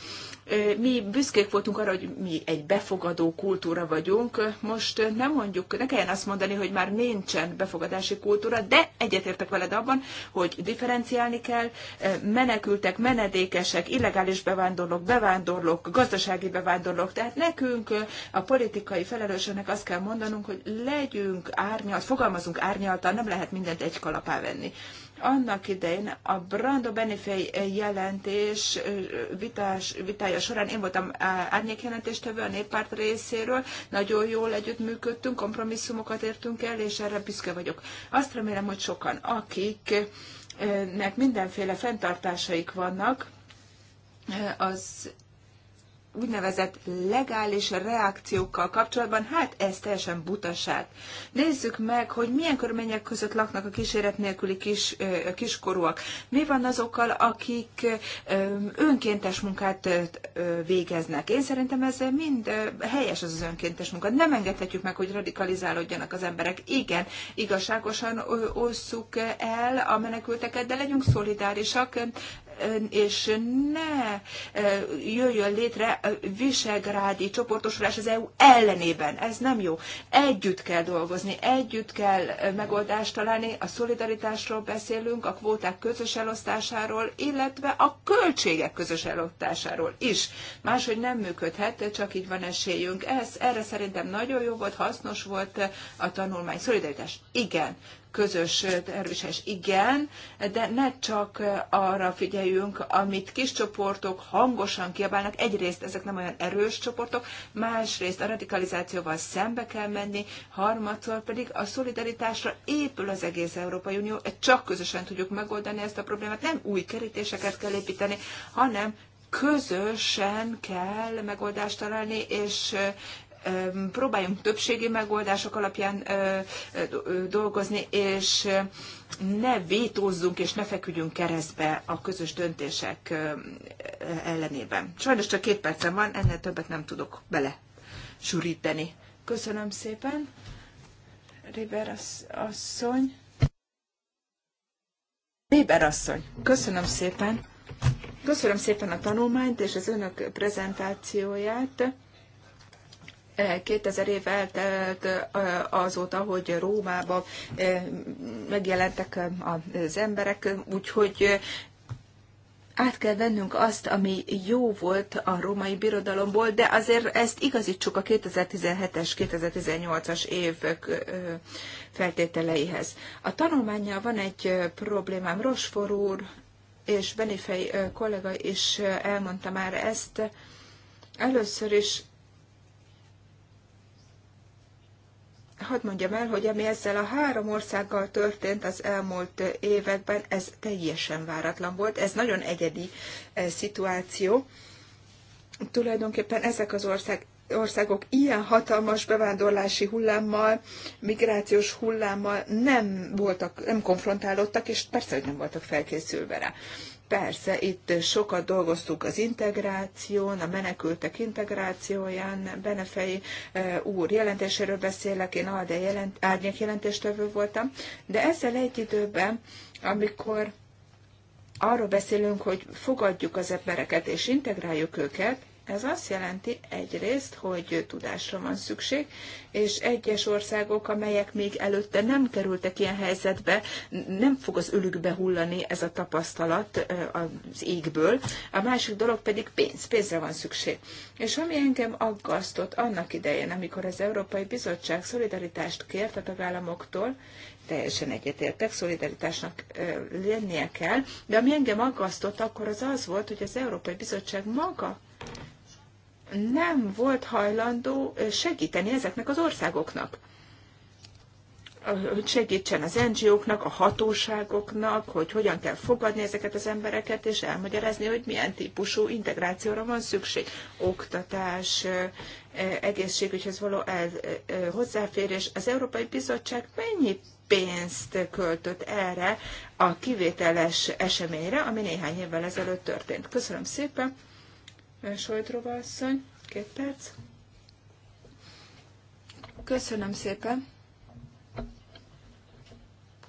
mi büszkék voltunk arra, hogy mi egy befogadó kultúra vagyunk. Most nem mondjuk, ne kelljen azt mondani, hogy már nincsen befogadási kultúra, de egyetértek veled abban, hogy differenciálni kell. Menekültek, menedékesek, illegális bevándorlók, bevándorlók, gazdasági bevándorlók. Tehát nekünk, a politikai felelősenek azt kell mondanunk, hogy legyünk árnyalt, fogalmazunk árnyaltan, nem lehet mindent egy kalapá venni annak idején a Brando Benifei jelentés vitás, vitája során én voltam árnyék jelentéstevő a néppárt részéről, nagyon jól együttműködtünk, kompromisszumokat értünk el, és erre büszke vagyok. Azt remélem, hogy sokan, akiknek mindenféle fenntartásaik vannak, az úgynevezett legális reakciókkal kapcsolatban, hát ez teljesen butaság. Nézzük meg, hogy milyen körülmények között laknak a kíséret nélküli kis, kiskorúak. Mi van azokkal, akik önkéntes munkát végeznek? Én szerintem ez mind helyes az az önkéntes munka. Nem engedhetjük meg, hogy radikalizálódjanak az emberek. Igen, igazságosan osszuk el a menekülteket, de legyünk szolidárisak és ne jöjjön létre visegrádi csoportosulás az EU ellenében. Ez nem jó. Együtt kell dolgozni, együtt kell megoldást találni, a szolidaritásról beszélünk, a kvóták közös elosztásáról, illetve a költségek közös elosztásáról is. Máshogy nem működhet, csak így van esélyünk. Ez, erre szerintem nagyon jó volt, hasznos volt a tanulmány. Szolidaritás. Igen közös tervisés. Igen, de ne csak arra figyeljünk, amit kis csoportok hangosan kiabálnak. Egyrészt ezek nem olyan erős csoportok, másrészt a radikalizációval szembe kell menni, harmadszor pedig a szolidaritásra épül az egész Európai Unió. Csak közösen tudjuk megoldani ezt a problémát. Nem új kerítéseket kell építeni, hanem közösen kell megoldást találni, és próbáljunk többségi megoldások alapján dolgozni, és ne vétózzunk és ne feküdjünk keresztbe a közös döntések ellenében. Sajnos csak két percem van, ennél többet nem tudok bele surítani. Köszönöm szépen. Réber asszony. Réber asszony, köszönöm szépen. Köszönöm szépen a tanulmányt és az önök prezentációját. 2000 év eltelt azóta, hogy Rómában megjelentek az emberek, úgyhogy át kell vennünk azt, ami jó volt a római birodalomból, de azért ezt igazítsuk a 2017-es, 2018-as évek feltételeihez. A tanulmányjal van egy problémám. Rosfor úr és Benifej kollega is elmondta már ezt. Először is hadd mondjam el, hogy ami ezzel a három országgal történt az elmúlt években, ez teljesen váratlan volt. Ez nagyon egyedi eh, szituáció. Tulajdonképpen ezek az ország, országok ilyen hatalmas bevándorlási hullámmal, migrációs hullámmal nem voltak, nem konfrontálódtak, és persze, hogy nem voltak felkészülve rá. Persze, itt sokat dolgoztuk az integráción, a menekültek integrációján, Benefei eh, úr jelentéséről beszélek, én Alde jelent, árnyék jelentéstevő voltam, de ezzel egy időben, amikor arról beszélünk, hogy fogadjuk az embereket és integráljuk őket, ez azt jelenti egyrészt, hogy tudásra van szükség, és egyes országok, amelyek még előtte nem kerültek ilyen helyzetbe, nem fog az ülükbe hullani ez a tapasztalat az égből. A másik dolog pedig pénz, pénzre van szükség. És ami engem aggasztott annak idején, amikor az Európai Bizottság szolidaritást kért a tagállamoktól, teljesen egyetértek, szolidaritásnak lennie kell, de ami engem aggasztott akkor az az volt, hogy az Európai Bizottság maga nem volt hajlandó segíteni ezeknek az országoknak. Hogy segítsen az NGO-knak, a hatóságoknak, hogy hogyan kell fogadni ezeket az embereket, és elmagyarázni, hogy milyen típusú integrációra van szükség. Oktatás, egészségügyhez való el, hozzáférés. Az Európai Bizottság mennyi pénzt költött erre a kivételes eseményre, ami néhány évvel ezelőtt történt. Köszönöm szépen! Sojdrova asszony, két perc. Köszönöm szépen.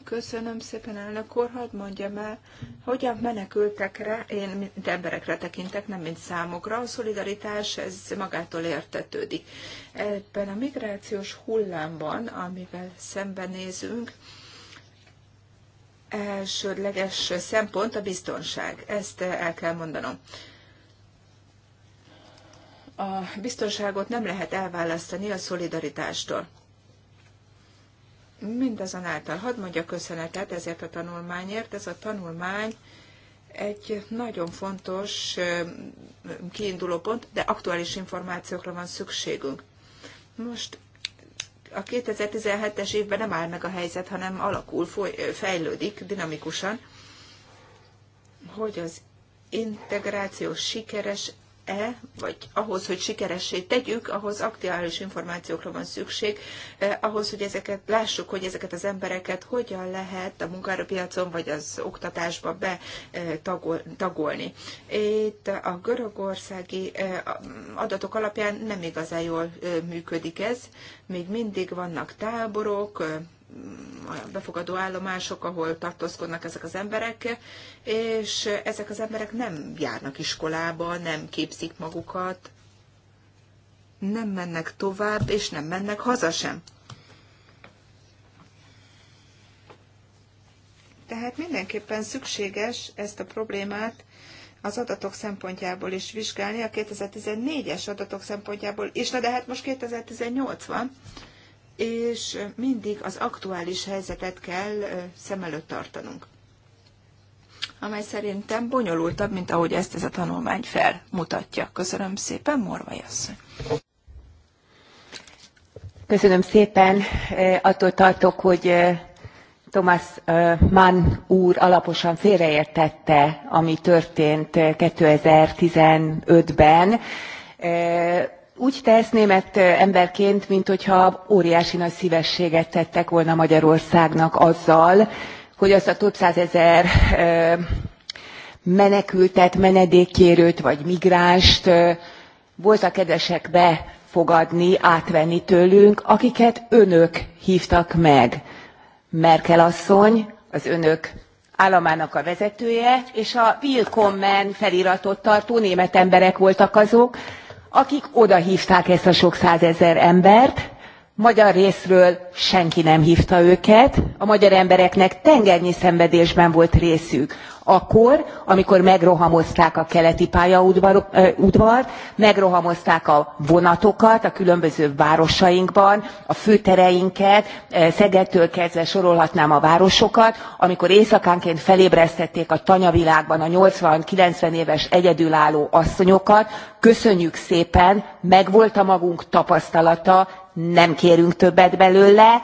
Köszönöm szépen, elnök úr, hadd mondjam el, hogyan menekültekre, én mint emberekre tekintek, nem mint számokra. A szolidaritás, ez magától értetődik. Ebben a migrációs hullámban, amivel szembenézünk, elsődleges szempont a biztonság. Ezt el kell mondanom a biztonságot nem lehet elválasztani a szolidaritástól. Mindazonáltal hadd mondja köszönetet ezért a tanulmányért. Ez a tanulmány egy nagyon fontos kiinduló pont, de aktuális információkra van szükségünk. Most a 2017-es évben nem áll meg a helyzet, hanem alakul, foly, fejlődik dinamikusan, hogy az integráció sikeres e, vagy ahhoz, hogy sikeressé tegyük, ahhoz aktuális információkra van szükség, eh, ahhoz, hogy ezeket lássuk, hogy ezeket az embereket hogyan lehet a munkaerőpiacon vagy az oktatásba betagolni. E, Itt a görögországi e, adatok alapján nem igazán jól e, működik ez. Még mindig vannak táborok, olyan befogadó állomások, ahol tartózkodnak ezek az emberek, és ezek az emberek nem járnak iskolába, nem képzik magukat, nem mennek tovább, és nem mennek haza sem. Tehát mindenképpen szükséges ezt a problémát az adatok szempontjából is vizsgálni, a 2014-es adatok szempontjából is, na de hát most 2018 van, és mindig az aktuális helyzetet kell szem előtt tartanunk amely szerintem bonyolultabb, mint ahogy ezt ez a tanulmány felmutatja. Köszönöm szépen, Morvai asszony. Köszönöm szépen. Attól tartok, hogy Thomas Mann úr alaposan félreértette, ami történt 2015-ben úgy tesz német emberként minthogyha óriási nagy szvességet tettek volna magyarországnak azzal hogy azt a több százezer menekültet menedékkérőt vagy migránst voltak kedvesek befogadni átvenni tőlünk akiket önök hvtak meg. Merkel asszony, az önök államának a vezetője, és a Willkommen feliratot tartó német emberek voltak azok, akik odahívták ezt a sok százezer embert, magyar részről senki nem hívta őket, a magyar embereknek tengernyi szenvedésben volt részük akkor, amikor megrohamozták a keleti pályaudvart, megrohamozták a vonatokat a különböző városainkban, a főtereinket, Szegedtől kezdve sorolhatnám a városokat, amikor éjszakánként felébresztették a tanyavilágban a 80-90 éves egyedülálló asszonyokat, köszönjük szépen, megvolt a magunk tapasztalata, nem kérünk többet belőle,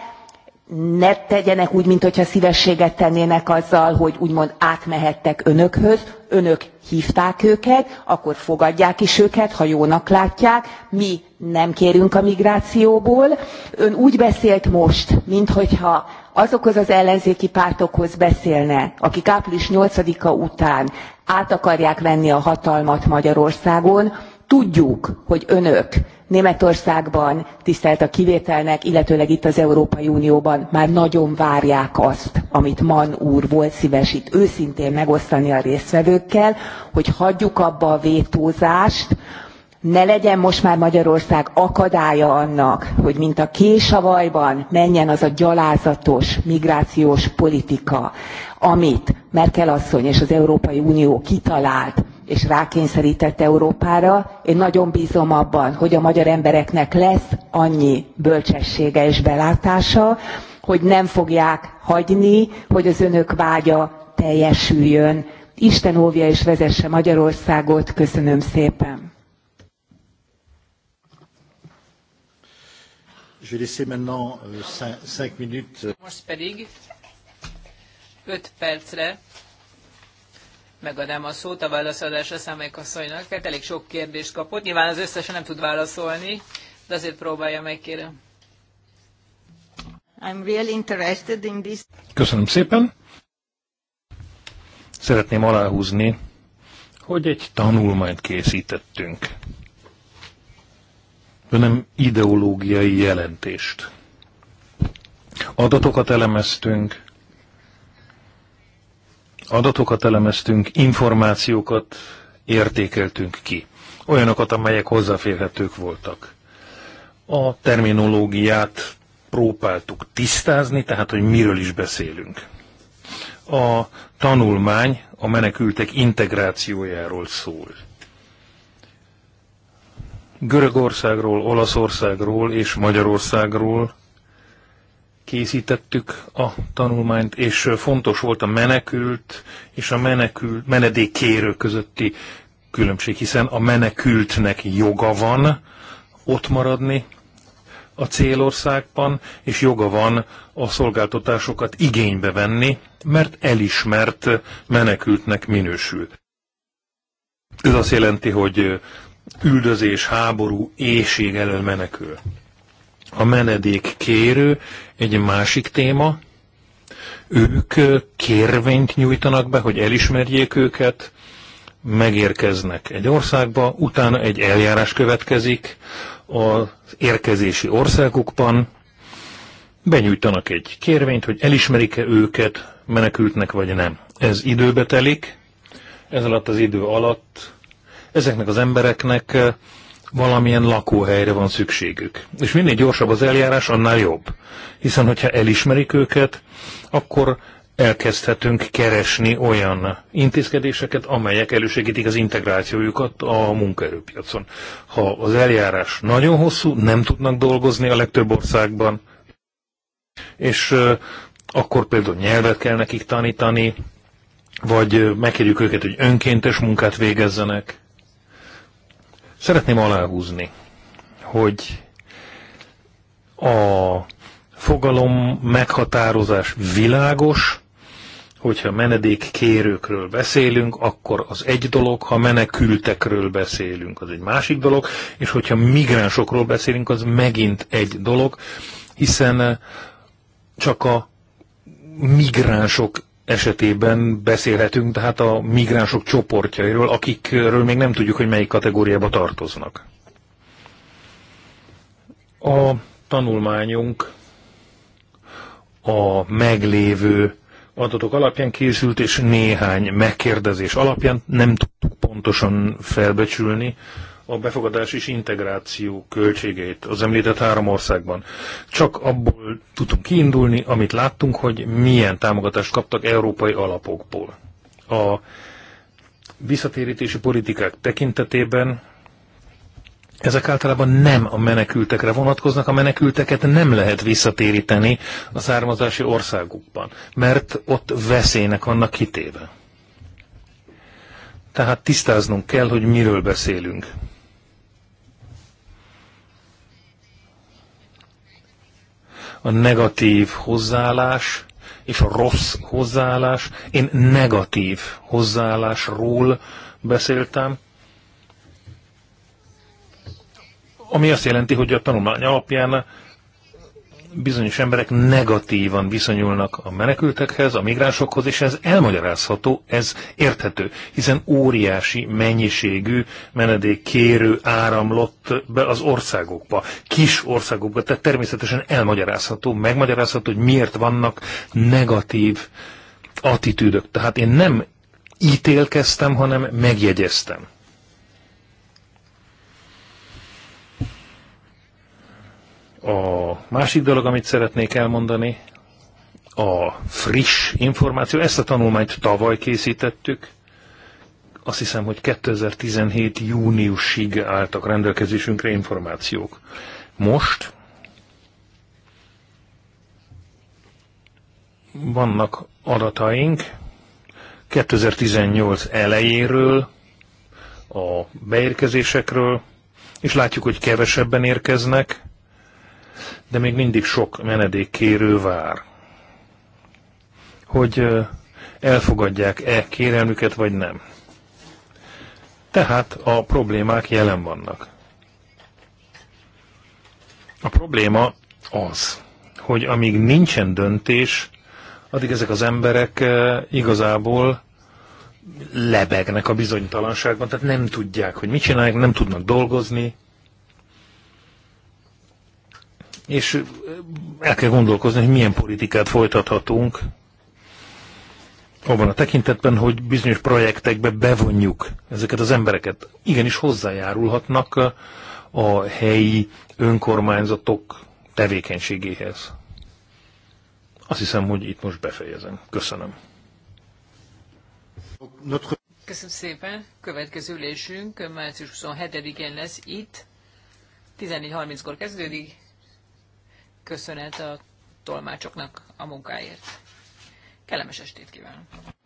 ne tegyenek úgy, mintha szívességet tennének azzal, hogy úgymond átmehettek önökhöz, önök hívták őket, akkor fogadják is őket, ha jónak látják, mi nem kérünk a migrációból. Ön úgy beszélt most, minthogyha azokhoz az ellenzéki pártokhoz beszélne, akik április 8-a után át akarják venni a hatalmat Magyarországon, tudjuk, hogy önök németországban tisztelt a kivételnek illetőleg itt az európai unióban már nagyon várják azt amit mann úr volt szves itt őszintén megosztani a résztvevőkkel hogy hagyjuk abba a vétózást ne legyen most már magyarország akadálya annak hogy mint a kés a vajban menjen az a gyalázatos migrációs politika amit merkel asszony és az európai unió kitalált és rákényszertett Európára. Én nagyon bzom abban, hogy a magyar embereknek lesz annyi bölcsessége és belátása, hogy nem fogják hagyni, hogy az önök vágya teljesüljön. Isten óvja és vezesse Magyarországot. Köszönöm szépen. Je laissé maintenant 5 euh, minutes. Most pedig 5 percre megadám a szót a válaszadásra számelyik asszonynak. mert elég sok kérdést kapott. Nyilván az összesen nem tud válaszolni, de azért próbálja meg, kérem. I'm really interested in this. Köszönöm szépen. Szeretném aláhúzni, hogy egy tanulmányt készítettünk. De nem ideológiai jelentést. Adatokat elemeztünk, adatokat elemeztünk, információkat értékeltünk ki. Olyanokat, amelyek hozzáférhetők voltak. A terminológiát próbáltuk tisztázni, tehát hogy miről is beszélünk. A tanulmány a menekültek integrációjáról szól. Görögországról, Olaszországról és Magyarországról készítettük a tanulmányt, és fontos volt a menekült és a menekült, menedékkérő közötti különbség, hiszen a menekültnek joga van ott maradni a célországban, és joga van a szolgáltatásokat igénybe venni, mert elismert menekültnek minősül. Ez azt jelenti, hogy üldözés, háború, éjség elől menekül. A menedék kérő egy másik téma. Ők kérvényt nyújtanak be, hogy elismerjék őket, megérkeznek egy országba, utána egy eljárás következik az érkezési országukban, benyújtanak egy kérvényt, hogy elismerik-e őket menekültnek vagy nem. Ez időbe telik, ez alatt az idő alatt ezeknek az embereknek valamilyen lakóhelyre van szükségük. És minél gyorsabb az eljárás, annál jobb. Hiszen, hogyha elismerik őket, akkor elkezdhetünk keresni olyan intézkedéseket, amelyek elősegítik az integrációjukat a munkaerőpiacon. Ha az eljárás nagyon hosszú, nem tudnak dolgozni a legtöbb országban, és akkor például nyelvet kell nekik tanítani, vagy megkérjük őket, hogy önkéntes munkát végezzenek. Szeretném aláhúzni, hogy a fogalom meghatározás világos, hogyha menedékkérőkről beszélünk, akkor az egy dolog, ha menekültekről beszélünk, az egy másik dolog, és hogyha migránsokról beszélünk, az megint egy dolog, hiszen csak a migránsok esetében beszélhetünk, tehát a migránsok csoportjairól, akikről még nem tudjuk, hogy melyik kategóriába tartoznak. A tanulmányunk a meglévő adatok alapján készült, és néhány megkérdezés alapján nem tudtuk pontosan felbecsülni, a befogadás és integráció költségeit az említett három országban. Csak abból tudtunk kiindulni, amit láttunk, hogy milyen támogatást kaptak európai alapokból. A visszatérítési politikák tekintetében ezek általában nem a menekültekre vonatkoznak, a menekülteket nem lehet visszatéríteni a származási országukban, mert ott veszélynek vannak kitéve. Tehát tisztáznunk kell, hogy miről beszélünk. a negatív hozzáállás és a rossz hozzáállás. Én negatív hozzáállásról beszéltem, ami azt jelenti, hogy a tanulmány alapján bizonyos emberek negatívan viszonyulnak a menekültekhez, a migránsokhoz, és ez elmagyarázható, ez érthető, hiszen óriási mennyiségű menedék kérő áramlott be az országokba, kis országokba, tehát természetesen elmagyarázható, megmagyarázható, hogy miért vannak negatív attitűdök. Tehát én nem ítélkeztem, hanem megjegyeztem. A másik dolog, amit szeretnék elmondani, a friss információ. Ezt a tanulmányt tavaly készítettük. Azt hiszem, hogy 2017. júniusig álltak rendelkezésünkre információk. Most vannak adataink 2018 elejéről, a beérkezésekről, és látjuk, hogy kevesebben érkeznek, de még mindig sok menedékkérő vár, hogy elfogadják-e kérelmüket, vagy nem. Tehát a problémák jelen vannak. A probléma az, hogy amíg nincsen döntés, addig ezek az emberek igazából lebegnek a bizonytalanságban, tehát nem tudják, hogy mit csinálják, nem tudnak dolgozni, és el kell gondolkozni, hogy milyen politikát folytathatunk abban a tekintetben, hogy bizonyos projektekbe bevonjuk ezeket az embereket. Igenis hozzájárulhatnak a helyi önkormányzatok tevékenységéhez. Azt hiszem, hogy itt most befejezem. Köszönöm. Köszönöm szépen. Következő ülésünk március 27-én lesz itt. 14.30-kor kezdődik, köszönet a tolmácsoknak a munkáért. Kellemes estét kívánok!